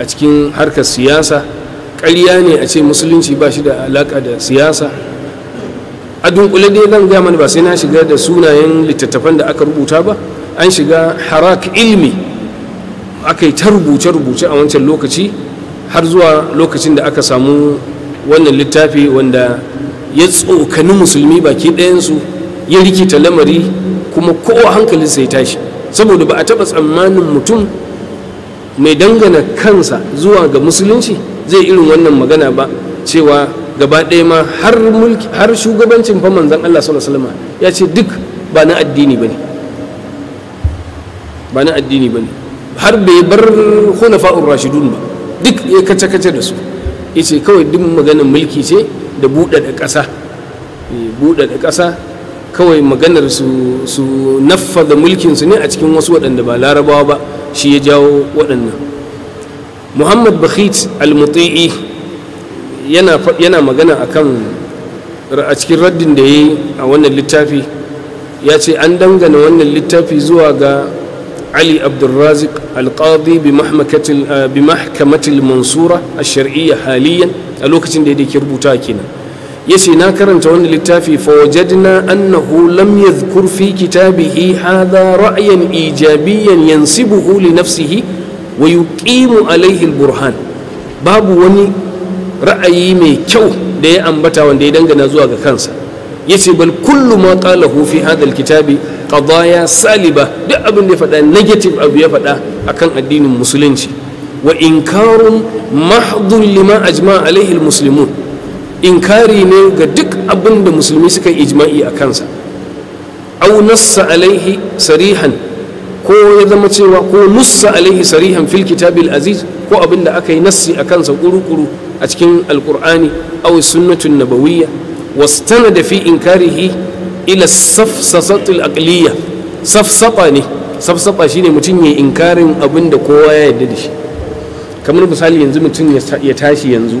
a cikin harkar siyasa ƙarya ne a ce musulunci ba shi da alaƙa da siyasa a dunkule dai zan gaya ba sai na shiga da sunayen littattafan da aka rubuta ba an shiga harak ilmi aka yi ta rubuce-rubuce a wancan lokaci har zuwa lokacin da aka samu wannan littafi wanda ya tsokani musulmi baki ɗayansu ya rikita lamari kuma kowa hankalinsa ya tashi saboda ba a taɓa tsammanin mutum mai dangana kansa zuwa ga musulunci zai irin wannan magana ba cewa gaba ɗaya ma har shugabancin fa manzan Allah sallallahu alaihi ya ce duk ba na addini bane ba na addini bane har bai bar khulafa'ur rashidun ba duk ya kace kace da su yace kawai duk maganar mulki ce da buɗaɗa ƙasa eh, buɗaɗa ƙasa kawai maganar su su da mulkin su ne a cikin wasu waɗanda ba larabawa ba shi ya jawo waɗannan muhammad bakhit al-muti'i yana magana a kan a cikin raddin da ya yi a wannan littafi ya ce an dangana wannan littafi zuwa ga ali al-qadi eh, bi mahkamatil mansura a الشرعية haliyan. a lokacin da yake rubuta kenan yace na karanta wani littafi fa wajadna annahu lam yadhkur fi kitabihi hadha ra'yan ijabiyan yansibuhu li nafsihi wa yuqimu alayhi burhan babu wani ra'ayi mai kyau da ya ambata wanda ya dangana zuwa ga kansa yace bal kullu ma qalahu fi hadha al-kitabi qadaya saliba duk abin da ya faɗa negative abu ya faɗa akan addinin musulunci wa inkarun mahdun lima ajma alaihi muslimun inkari ne ga duk abinda musulmi suka yi ijma'i a kansa au nassa alaihi sarihan ko ya zama cewa ko nussa alaihi sarihan fil kitabil aziz ko abinda aka yi nassi a kansa kuru-kuru a cikin alkur'ani au sunnatun nabawiyya wastana da fi inkarihi ila safsasatul aqliya safsata ne safsata shine mutum ya yi inkarin abin da kowa ya yarda da shi kamar misali yanzu mutum ya tashi yanzu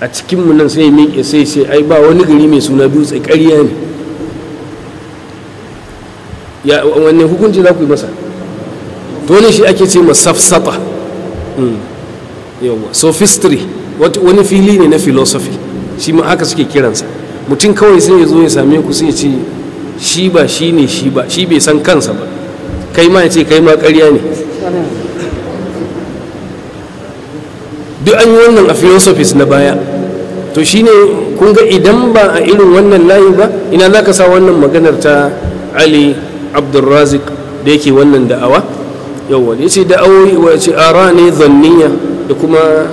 a cikinmu nan sai miƙe sai sai ai ba wani gari mai suna dutse ƙarya ne ya wanne hukunci za ku yi masa dole shi ake ce masafsata hmm. yawon sophistry wani fili ne na philosophy shi ma haka suke kiransa mutum kawai sai ya zo ya same ku sai ya ce shi ba shi ne shi ba shi bai san kansa ba kai ma ya ce kai ma ƙarya ne duk an yi wannan a philosophies na baya to shine kun ga idan ba a irin wannan layi ba ina za ka sa wannan maganar ta ali abdulrazik da yake wannan da'awa yawwa ya ce da'awoyi ce ara ne zanniya da kuma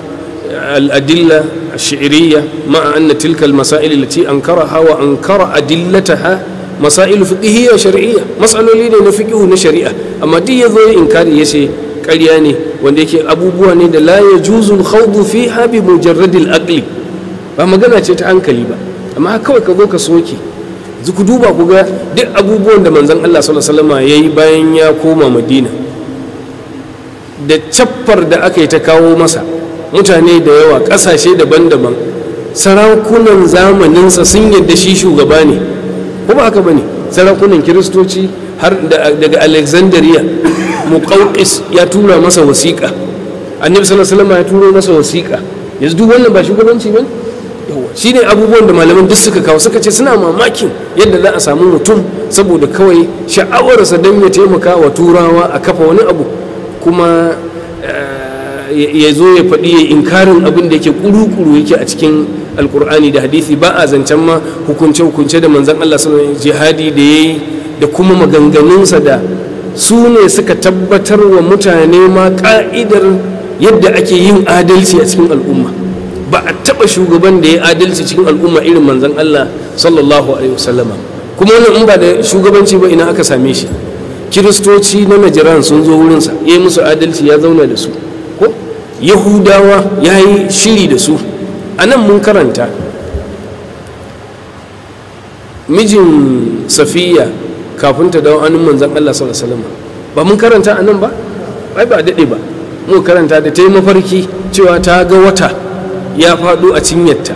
al'adilla a shi'iriya ma'a anna tilkal masail lati an kara hawa an kara adillata ha masail fiqhiyya shar'iyya masaloli ne na fiqhu na shari'a amma duk yazo inkari yace ƙarya ne wanda yake abubuwa ne da la ya juzul khawdu fi habi mujarradil aqli ba magana ce ta hankali ba amma kawai ka zo ka soke zuku duba ku ga duk abubuwan da manzon Allah sallallahu alaihi wasallam yayi bayan ya koma Madina da cappar da aka yi ta kawo masa mutane da yawa ƙasashe daban-daban sarakunan zamaninsa sun yadda shi shugaba ne ko ba haka bane sarakunan kiristoci har daga alexandria muqawqis ya tura masa wasiƙa annabi sallallahu alaihi ya turo masa wasiƙa yanzu duk wannan ba shugabanci bane shi ne abubuwan da malaman duk suka kawo suka ce suna mamakin yadda za a samu mutum saboda kawai sha'awarsa don ya taimaka wa turawa a kafa wani abu kuma ya zo ya faɗi ya inkarin abin da yake kuru-kuru yake a cikin alkur'ani da hadisi ba a zancen ma hukunce-hukunce da manzan Allah sallallahu jihadi da ya yi da kuma maganganunsa da su ne suka tabbatar wa mutane ma ka'idar yadda ake yin adalci a cikin al'umma ba a taɓa shugaban da ya adalci cikin al'umma irin manzan Allah sallallahu alaihi wasallama kuma wannan in ba da shugabanci ba ina aka same shi kiristoci na najiran sun zo wurinsa ya yi musu adalci ya zauna da su ko yahudawa ya yi shiri da su a nan mun karanta mijin safiya kafin ta dawo hannun manzan allah sallallahu ba mun karanta a nan ba ai ba daɗe ba mun karanta da ta yi mafarki cewa ta ga wata ya faɗo a cinyarta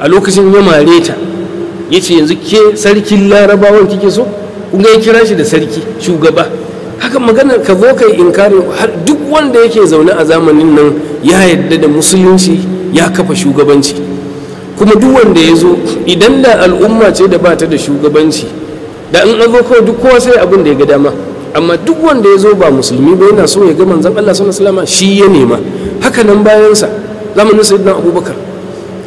a lokacin ya mare ta ya ce yanzu ke sarkin larabawan kike so kun ga ya kira shi da sarki shugaba haka maganar ka zo kai inkari har duk wanda yake zaune a zamanin nan ya yadda da musulunci ya kafa shugabanci kuma duk wanda ya zo idan da al'umma ce da ba ta da shugabanci da in an zo kawai duk kowa sai abin da ya ga dama amma duk wanda ya zo ba musulmi ba yana so ya ga manzon Allah sallallahu alaihi wasallam shi ya nema haka nan bayansa zamanin sayyidina Abubakar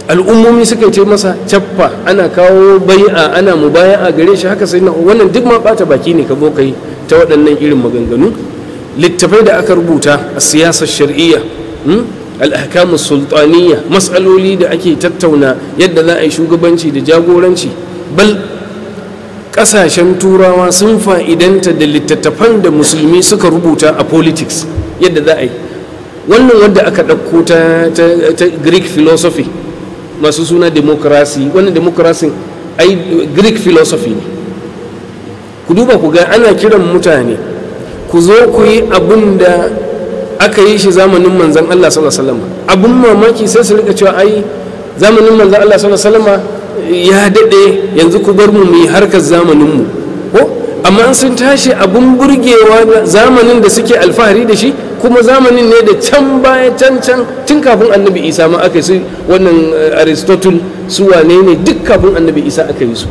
al'ummomi suka ce masa cappa ana kawo bai'a ana mu baya a gare shi haka sai wannan duk ma bata baki ne ka zo kai ta waɗannan irin maganganu littafai da aka rubuta a siyasar shar'iyya hmm, al'akamu sultaniya matsaloli da ake tattauna yadda za a yi shugabanci da jagoranci bal ƙasashen turawa sun fa'idanta da littattafan da musulmi suka rubuta a politics yadda za a yi wannan wadda aka ɗauko ta greek philosophy masu suna demokrasi wannan demokrasin ai greek philosophy ne ku duba ku ga ana kiran mutane ku zo ku yi abin da aka yi shi zamanin manzan Allah sallallahu alaihi wasallam abun mamaki sai su rika cewa ai zamanin manzan Allah sallallahu alaihi wasallam ya dade yanzu ku bar mu mu yi harkar zamanin mu ko amma sun tashi abun burgewa zamanin da suke alfahari da shi kuma zamanin ne da can baya can can tun kafin annabi isa ma aka su wannan eh, aristotle su wane ne duk kafin annabi isa aka yi su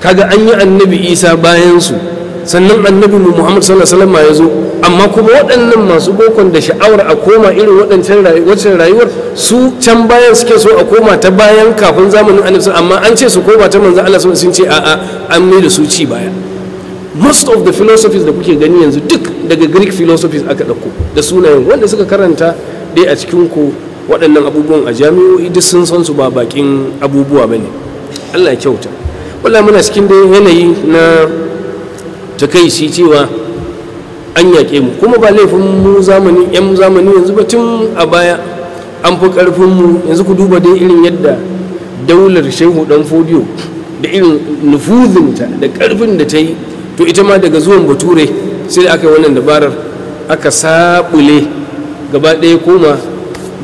kaga an yi annabi isa bayan su sannan annabi mu muhammad sallallahu alaihi wasallam ya zo amma kuma waɗannan masu bokon da sha'awar a koma irin waɗancan rayuwar su can bayan suke so a koma ta bayan kafin zamanin annabi amma an ce su koma ta manzo Allah sun ce a'a an mai da su ci baya most of the philosophies da kuke gani yanzu duk daga greek philosophies aka ɗauko da sunayen wanda suka karanta dai a cikin ku waɗannan abubuwan a jami'o'i duk sun san su ba bakin abubuwa bane ne allah ya kyauta wala muna cikin dai yanayi na takaici cewa an yaƙe mu kuma ba laifin mu zamani yan zamani yanzu ba tun a baya an fi ƙarfin mu yanzu ku duba dai irin yadda daular shehu dan fodiyo da irin nufuzinta da ƙarfin da ta yi to ita ma daga zuwan bature sai da aka yi wannan dabarar aka sabule gaba ɗaya koma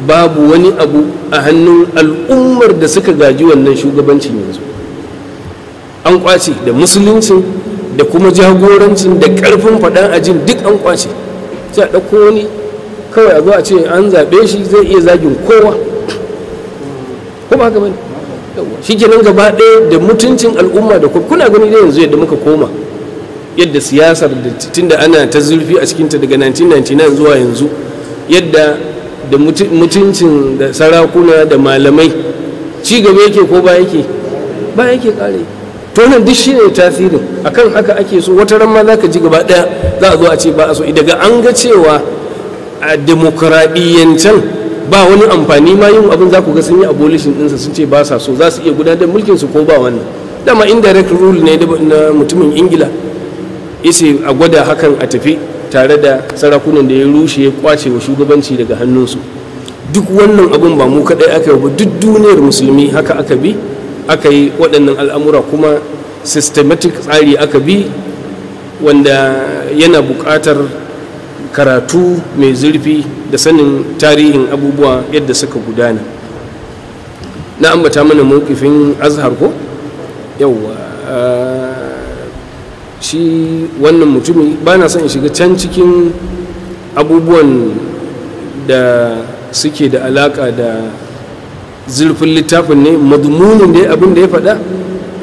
babu wani abu a hannun al'ummar da suka gaji wannan shugabancin yanzu an kwace da musuluncin da kuma jagorancin da ƙarfin faɗan ajin duk an kwace sai a ɗauko wani kawai a zo a ce an zaɓe shi zai iya zagin kowa ko ba ka bane shi gaba ɗaya da mutuncin al'umma da kuna gani da yanzu yadda muka koma yadda siyasar da tunda ana ta zurfi a cikinta daga 1999 zuwa yanzu yadda da mutuncin da sarakuna da malamai ci gaba yake ko ba yake ba yake kare to nan duk shine tasirin akan haka ake so wata ran ma ka ji gaba daya za a zo a ce ba a so daga an ga cewa a demokradiyyancan ba wani amfani ma yin abin za ku ga sun yi abolishin ɗinsa sun ce ba sa so za su iya gudanar mulkin su ko ba wannan dama indirect rule ne na mutumin ingila isi a gwada hakan a tafi tare da sarakunan da ya rushe ya kwace wa shugabanci daga hannunsu duk wannan abin ba mu kaɗai aka yi ba duk duniyar musulmi haka aka bi aka yi waɗannan al'amura kuma systematic tsari aka bi wanda yana buƙatar karatu mai zurfi da sanin tarihin abubuwa yadda suka gudana na ambata mana mawukifin azhar ko ah, shi wannan mutumin ba na son shiga can cikin abubuwan da suke da alaka da zurfin littafin ne madmunin dai abin da ya faɗa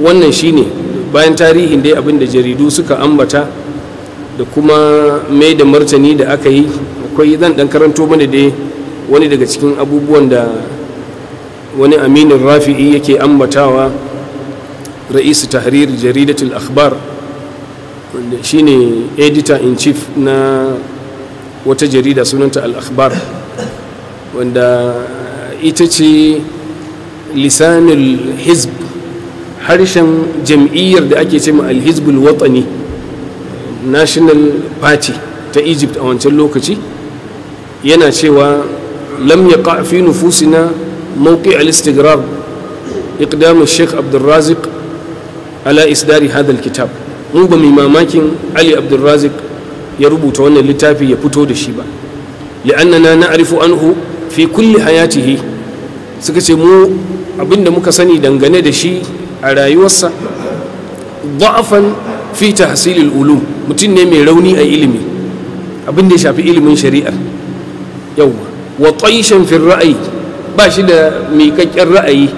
wannan shine bayan tarihin da abin da jaridu suka ambata da kuma mai da martani da aka yi akwai zan ɗan karanto mana da wani daga cikin abubuwan da wani aminin rafi'i yake ambatawa ra'isu tahrir jaridatul akhbar shine editor in chief na wata jarida sunanta al-akhbar wanda ita ce lisanul hizb harshen jam'iyyar da ake ce al-hizbul watani national party ta egypt a wancan lokaci yana cewa lam yaqa fi nufusina mawqi al-istigrar iqdam sheikh abdulrazik ala isdari hadal kitab mu ba mai mamakin ali abdulrazik ya rubuta wannan littafi ya fito da shi ba li'annana na'rifu anhu fi kulli hayatihi suka ce mu abinda muka sani dangane da shi a rayuwarsa da'afan fi tahsilil ulum mutum ne mai rauni a ilimi abinda ya shafi ilimin shari'a yawwa wa qaishan fi ra'ayi ba shi da miƙaƙƙen ra'ayi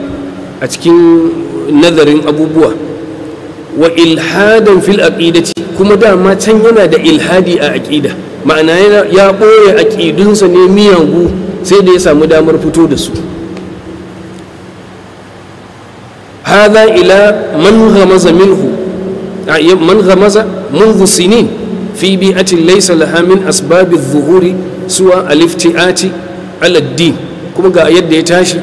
a cikin nazarin abubuwa wa ilhadan fil aqidati kuma dama can yana da ilhadi a aqida ma'ana ya ɓoye aqidunsa ne miyangu sai da ya samu damar fito da su hadha ila man ghamaza minhu man ghamaza منذ ati, في بيئة ليس لها suwa, أسباب الظهور سوى الافتئات din kuma ga yadda ya tashi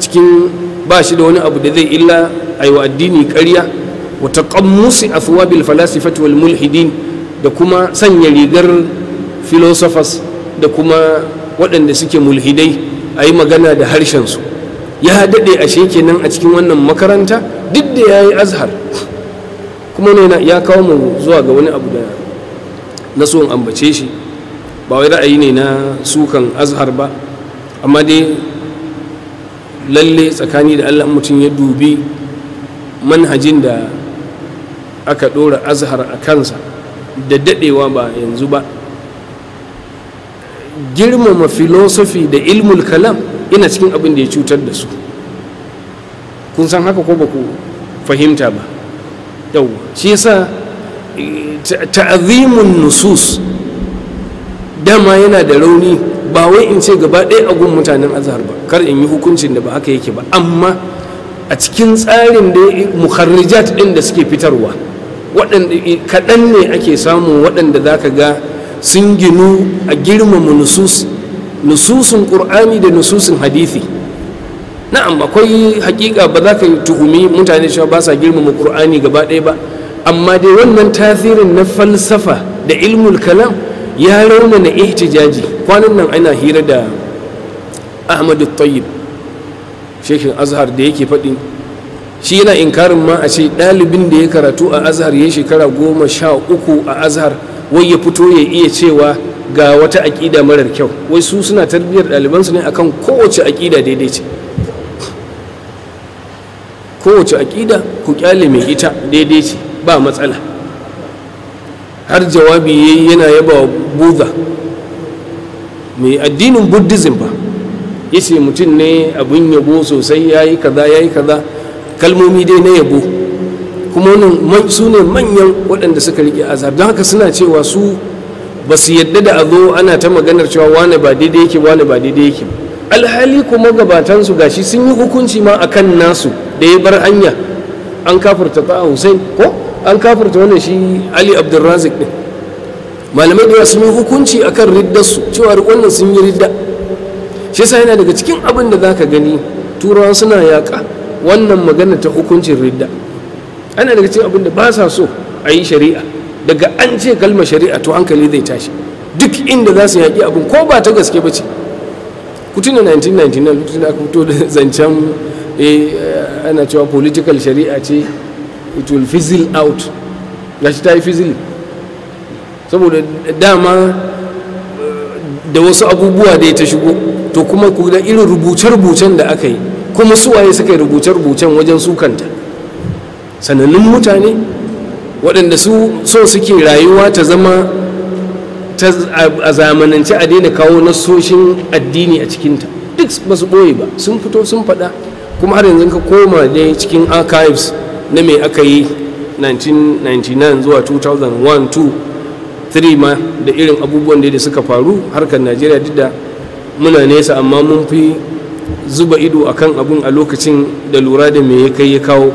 cikin ba shi da wani abu da zai illa a yi addini ƙarya wa a athwabil falasifati wal mulhidin da kuma sanya rigar filosofas da kuma waɗanda suke mulhidai a yi magana da harshen su ya daɗe ashe kenan a cikin wannan makaranta duk da ya yi azhar kuma ne ya kawo mu zuwa ga wani abu da na so ambace shi ba wai ra'ayi ne na sukan azhar ba amma dai lalle tsakani da allah mutum ya dubi manhajin da aka ɗora azhar a kansa da daɗewa ba yanzu ba girmama filosofi da ilmul kalam ina cikin abin da ya cutar da su kun san haka ko ba ku fahimta ba yau shi yasa eh, ta'azimun nusus dama yana da rauni ba wai in ce gaba ɗaya a gun mutanen azhar ba kar in yi hukuncin da ba haka yake ba amma a cikin tsarin da ya muharrijat ɗin da suke fitarwa Waɗanda kaɗan ne ake samun waɗanda za ka ga sun ginu a girmama nususun ƙur'ani da nususun hadithi na'am akwai hakika ba za ka yi tuhumi mutane cewa ba sa girmama ƙur'ani gaba ɗaya ba amma dai wannan tasirin na falsafa da ilmul kalam ya rauna na ihtijaji kwanan nan ana hira da ahmadu tayyib shekin azhar da yake faɗi. shi yana inkarin ma a ce ɗalibin da ya karatu a azhar ya shekara goma sha uku a azhar wai ya fito ya iya cewa ga wata aƙida marar kyau wai su suna tarbiyyar ɗalibansu ne akan kowace aƙida daidai ce kowace aƙida ku ƙyale mai ita daidai ce ba matsala har jawabi ya yana yaba buddha mai addinin buddhism ba ya ce mutum ne abin yabo sosai ya yi kaza ya yi kaza kalmomi dai na yabo kuma wannan su ne manyan waɗanda suka riƙe azab don haka suna cewa su ba su yadda da a zo ana ta maganar cewa wane ba daidai yake wane ba daidai yake alhali kuma gabatansu gashi sun yi hukunci ma a kan nasu da ya bar hanya an kafirta ta Hussein ko an kafirta wannan shi Ali Abdulrazik ɗin malamai da sun yi hukunci akan riddarsu cewa wannan sun yi ridda shi yasa yana daga cikin abin da za ka gani turawa suna yaƙa wannan magana ta hukuncin ridda ana daga cikin abin da ba sa so a yi shari'a daga an ce kalmar shari'a to hankali zai tashi duk inda za su yaƙi abin ko ba ta gaske ba ce ku da 1999 lokacin da aka fito da zancen eh, ana cewa political shari'a ce it will fizzle out shi ta yi fizzle saboda dama eh, da wasu abubuwa da ya ta shigo to kuma ku da irin rubuce-rubucen da aka yi kuma suwaye suka yi rubuce-rubucen wajen sukanta sanannun mutane waɗanda su so suke rayuwa ta zama a zamanance a daina kawo nasoshin addini a cikinta duk ba su ɓoye ba sun fito sun faɗa kuma har yanzu ka koma ne cikin archives na mai aka yi 1999 zuwa 2001 2003 ma da irin abubuwan da suka faru harkar najeriya duk da muna nesa amma mun fi zuba ido a kan abin a lokacin da lura da me ya kai ya kawo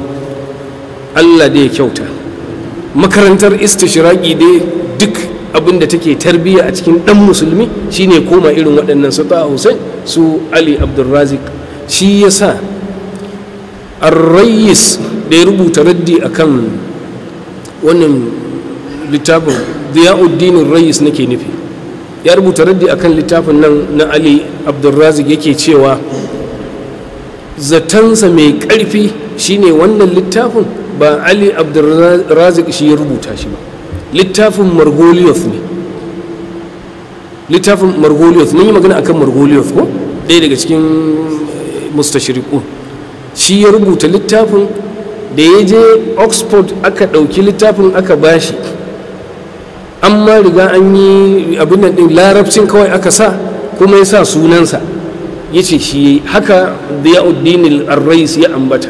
allah da ya kyauta makarantar istishraki dai duk abin da take tarbiyya a cikin dan musulmi shine koma irin waɗannan su ta hussein su ali abdulrazik shi ya sa arrayis da ya rubuta raddi a kan wannan littafin diya'uddinin rayis nake nufi ya rubuta raddi a kan littafin nan na ali abdulrazik yake cewa zatansa mai ƙarfi shine wannan littafin ba ali abdulrazik shi ya rubuta shi ba littafin margoliyos ne littafin margoliyos mun yi magana akan margoliyos ko ɗaya daga cikin eh, mustashirikun shi ya rubuta littafin da ya je oxford aka ɗauki littafin aka bashi an ma riga an yi abin nan ɗin larabcin kawai aka sa kuma ya sa sunansa ya ce shi ya yi haka ziyauddin arrais ya ambata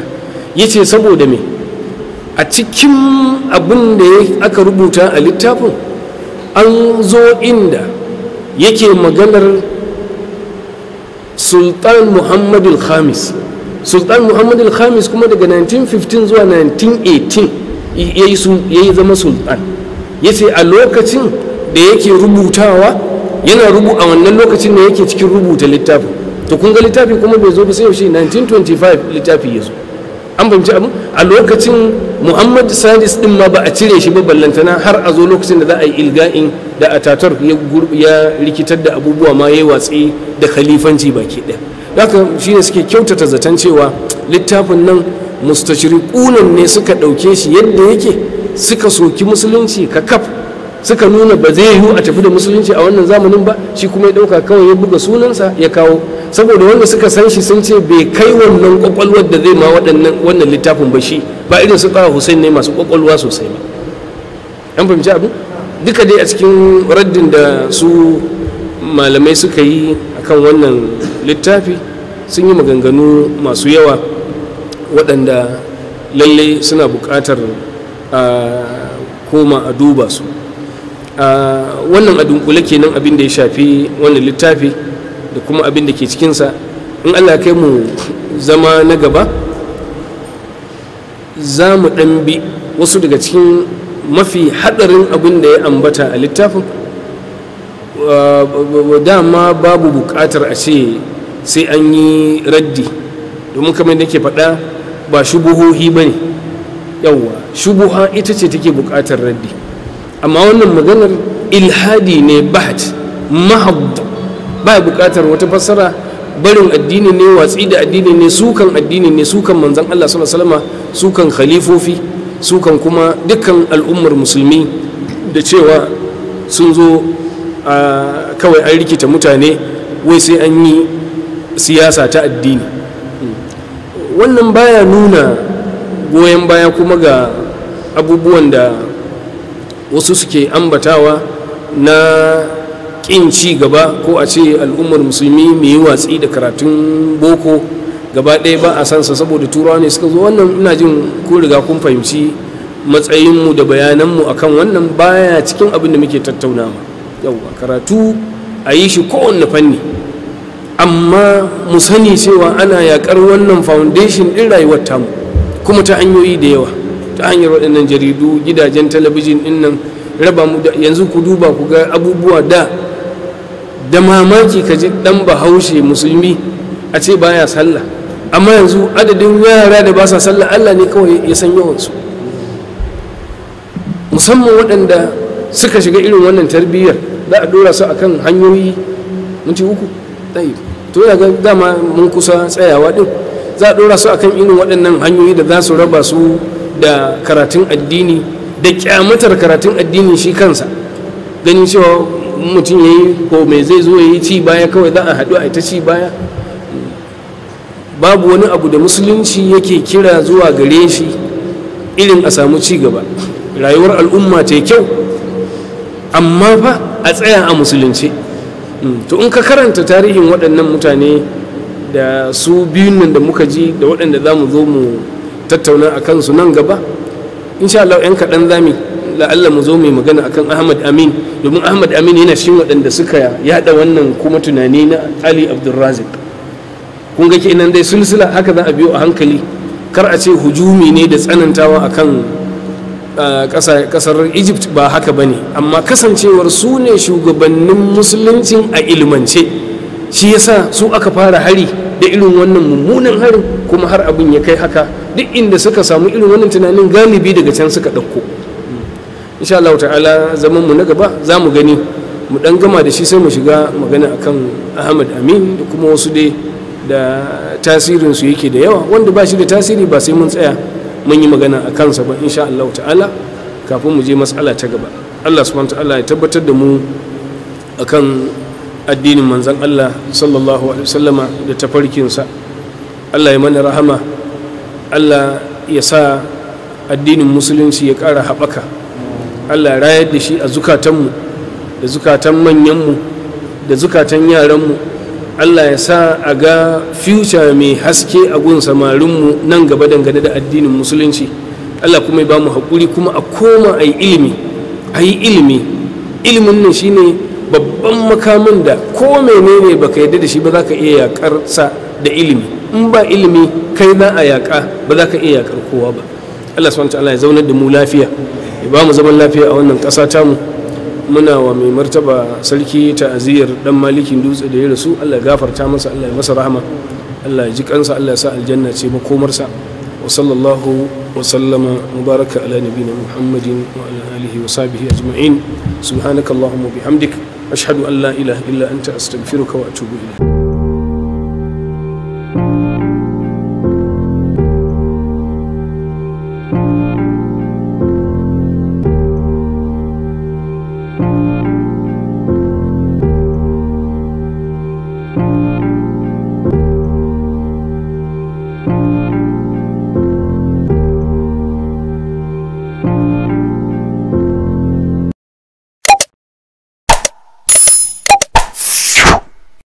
ya ce saboda me a cikin abin da aka rubuta a littafin an zo inda yake maganar sultan al khamis sultan al khamis kuma daga 1915 zuwa 1918 ya yi zama sultan ya ce a lokacin da yake rubutawa yana rubu a wannan lokacin da yake cikin rubuta littafin to kun ga littafi kuma bai zo ba sai yaushe 1925 littafi ya zo an bamci abu a lokacin muhammad sadis din ma ba a cire shi ba ballantana har a zo lokacin da za a yi ilga'in da a tatar ya rikitar da abubuwa ma ya watsi da khalifanci baki ɗaya haka shi ne suke kyautata zaton cewa littafin nan ƙunan ne suka ɗauke shi yadda yake suka soki musulunci ka kaf suka nuna ba zai yiwu a tafi da musulunci a wannan zamanin ba shi kuma ya ɗauka kawai ya buga sunansa ya kawo saboda wanda suka san shi sun ce bai kai wannan kwakwalwar da zai ma waɗannan wannan littafin ba shi ba irin su kawo hussein ne masu kwakwalwa sosai ba an fahimci abu duka dai a cikin raddin da su malamai suka yi akan wannan littafi sun yi maganganu masu yawa waɗanda lalle suna buƙatar a koma a duba su wannan a dunkule kenan abin da ya shafi wannan littafi da kuma abin da ke cikinsa in allah kai mu zama na gaba za mu ɗan bi wasu daga cikin mafi haɗarin abin da ya ambata a littafin dama babu buƙatar a ce sai an yi raddi domin kamar da ke faɗa ba shubuhohi ba ne yawwa shubuha ita ce take buƙatar raddi amma wannan maganar ilhadi ne bahad mahad ba bukatar wata fassara barin addini ne watsi da addini ne sukan addini ne sukan manzan Allah sallallahu alaihi wasallam sukan khalifofi sukan kuma dukkan al'ummar musulmi da cewa sun zo a kawai an rikita mutane wai sai an yi siyasa ta addini wannan baya nuna goyon baya kuma ga abubuwan da wasu suke ambatawa na ƙin ci gaba ko a ce al'ummar musulmi mai yi watsi da karatun boko gaba ɗaya ba a sansa saboda turawa ne suka zo wannan ina jin ko riga kun fahimci matsayinmu da bayananmu akan wannan baya cikin abin da muke tattaunawa yauwa karatu a yi shi kowanne fanni amma mu sani cewa ana yakar wannan foundation ɗin rayuwar tamu kuma ta hanyoyi da yawa ta hanyar waɗannan jaridu gidajen talabijin din nan raba mu da yanzu ku duba ku ga abubuwa da da mamaki ka ji ɗan bahaushe musulmi a ce baya sallah amma yanzu adadin yara da ba sa sallah allah ne kawai ya san yawansu musamman waɗanda suka shiga irin wannan tarbiyyar za a ɗora su akan hanyoyi minti uku ɗaya to ya ga dama mun kusa tsayawa ɗin za a ɗora su akan irin waɗannan hanyoyi da za su raba su da karatun addini da kyamatar karatun addini shi kansa ganin cewa mutum ya yi ko mai zai zo ya yi ci baya kawai za a haɗu a ita ci baya babu wani abu da musulunci yake kira zuwa gare shi irin a samu ci gaba rayuwar al'umma ta kyau amma fa a tsaya a musulunci hmm, to in ka karanta tarihin waɗannan mutane da su biyun nan da muka ji da waɗanda za mu zo mu tattauna a kansu nan gaba insha Allah 'yan kaɗan zami la'alla mu zo mai magana akan ahmad amin domin ahmad amin yana shi waɗanda suka yaɗa wannan kuma tunani na ali abdulrazik kun ga kenan dai sulsula haka za a biyo a hankali kar a ce hujumi ne da tsanantawa akan kasar egypt ba haka ba ne amma kasancewar su ne shugabannin musuluncin a ilmance shi yasa su aka fara hari da irin wannan mummunan harin kuma har abin ya kai haka duk inda suka samu irin wannan tunanin galibi daga can suka ɗauko insha Allah ta'ala zaman mu na gaba za mu gani mu ɗan gama da shi sai mu shiga magana akan Ahmad Amin da kuma wasu dai da tasirin su yake da yawa wanda ba shi da tasiri ba sai mun tsaya mun yi magana a kansa ba insha Allah ta'ala kafin mu je matsala ta gaba Allah subhanahu ta'ala ya tabbatar da mu akan addinin manzan Allah sallallahu alaihi wasallama da tafarkinsa Allah ya mana rahama Allah ya sa addinin musulunci ya ƙara haɓaka Allah ya rayar da shi a zukatanmu da zukatan manyanmu da zukatan yaranmu Allah ya sa a ga future mai haske a gun samarinmu nan gaba dangane da addinin musulunci Allah kuma ya ba mu haƙuri kuma a koma a yi ilimi a yi ilimi ilimin nan shine babban makamin da ko menene baka yadda da shi ba za ka iya yakar sa da ilimi in ba ilimi kai na a yaƙa ba za ka iya yaƙar kowa ba allah subhanahu ta'ala ya zaunar da mu lafiya ya ba mu zaman lafiya a wannan ƙasa mu. muna wa mai martaba sarki ta'aziyar dan malikin dutse da ya rasu allah ya gafarta masa allah ya masa rahama allah ya ji kansa allah ya sa aljanna ce makomarsa وصلى الله وسلم وبارك على نبينا محمد وعلى آله وصحبه أجمعين سبحانك اللهم وبحمدك أشهد أن لا إله إلا أنت أستغفرك وأتوب إليك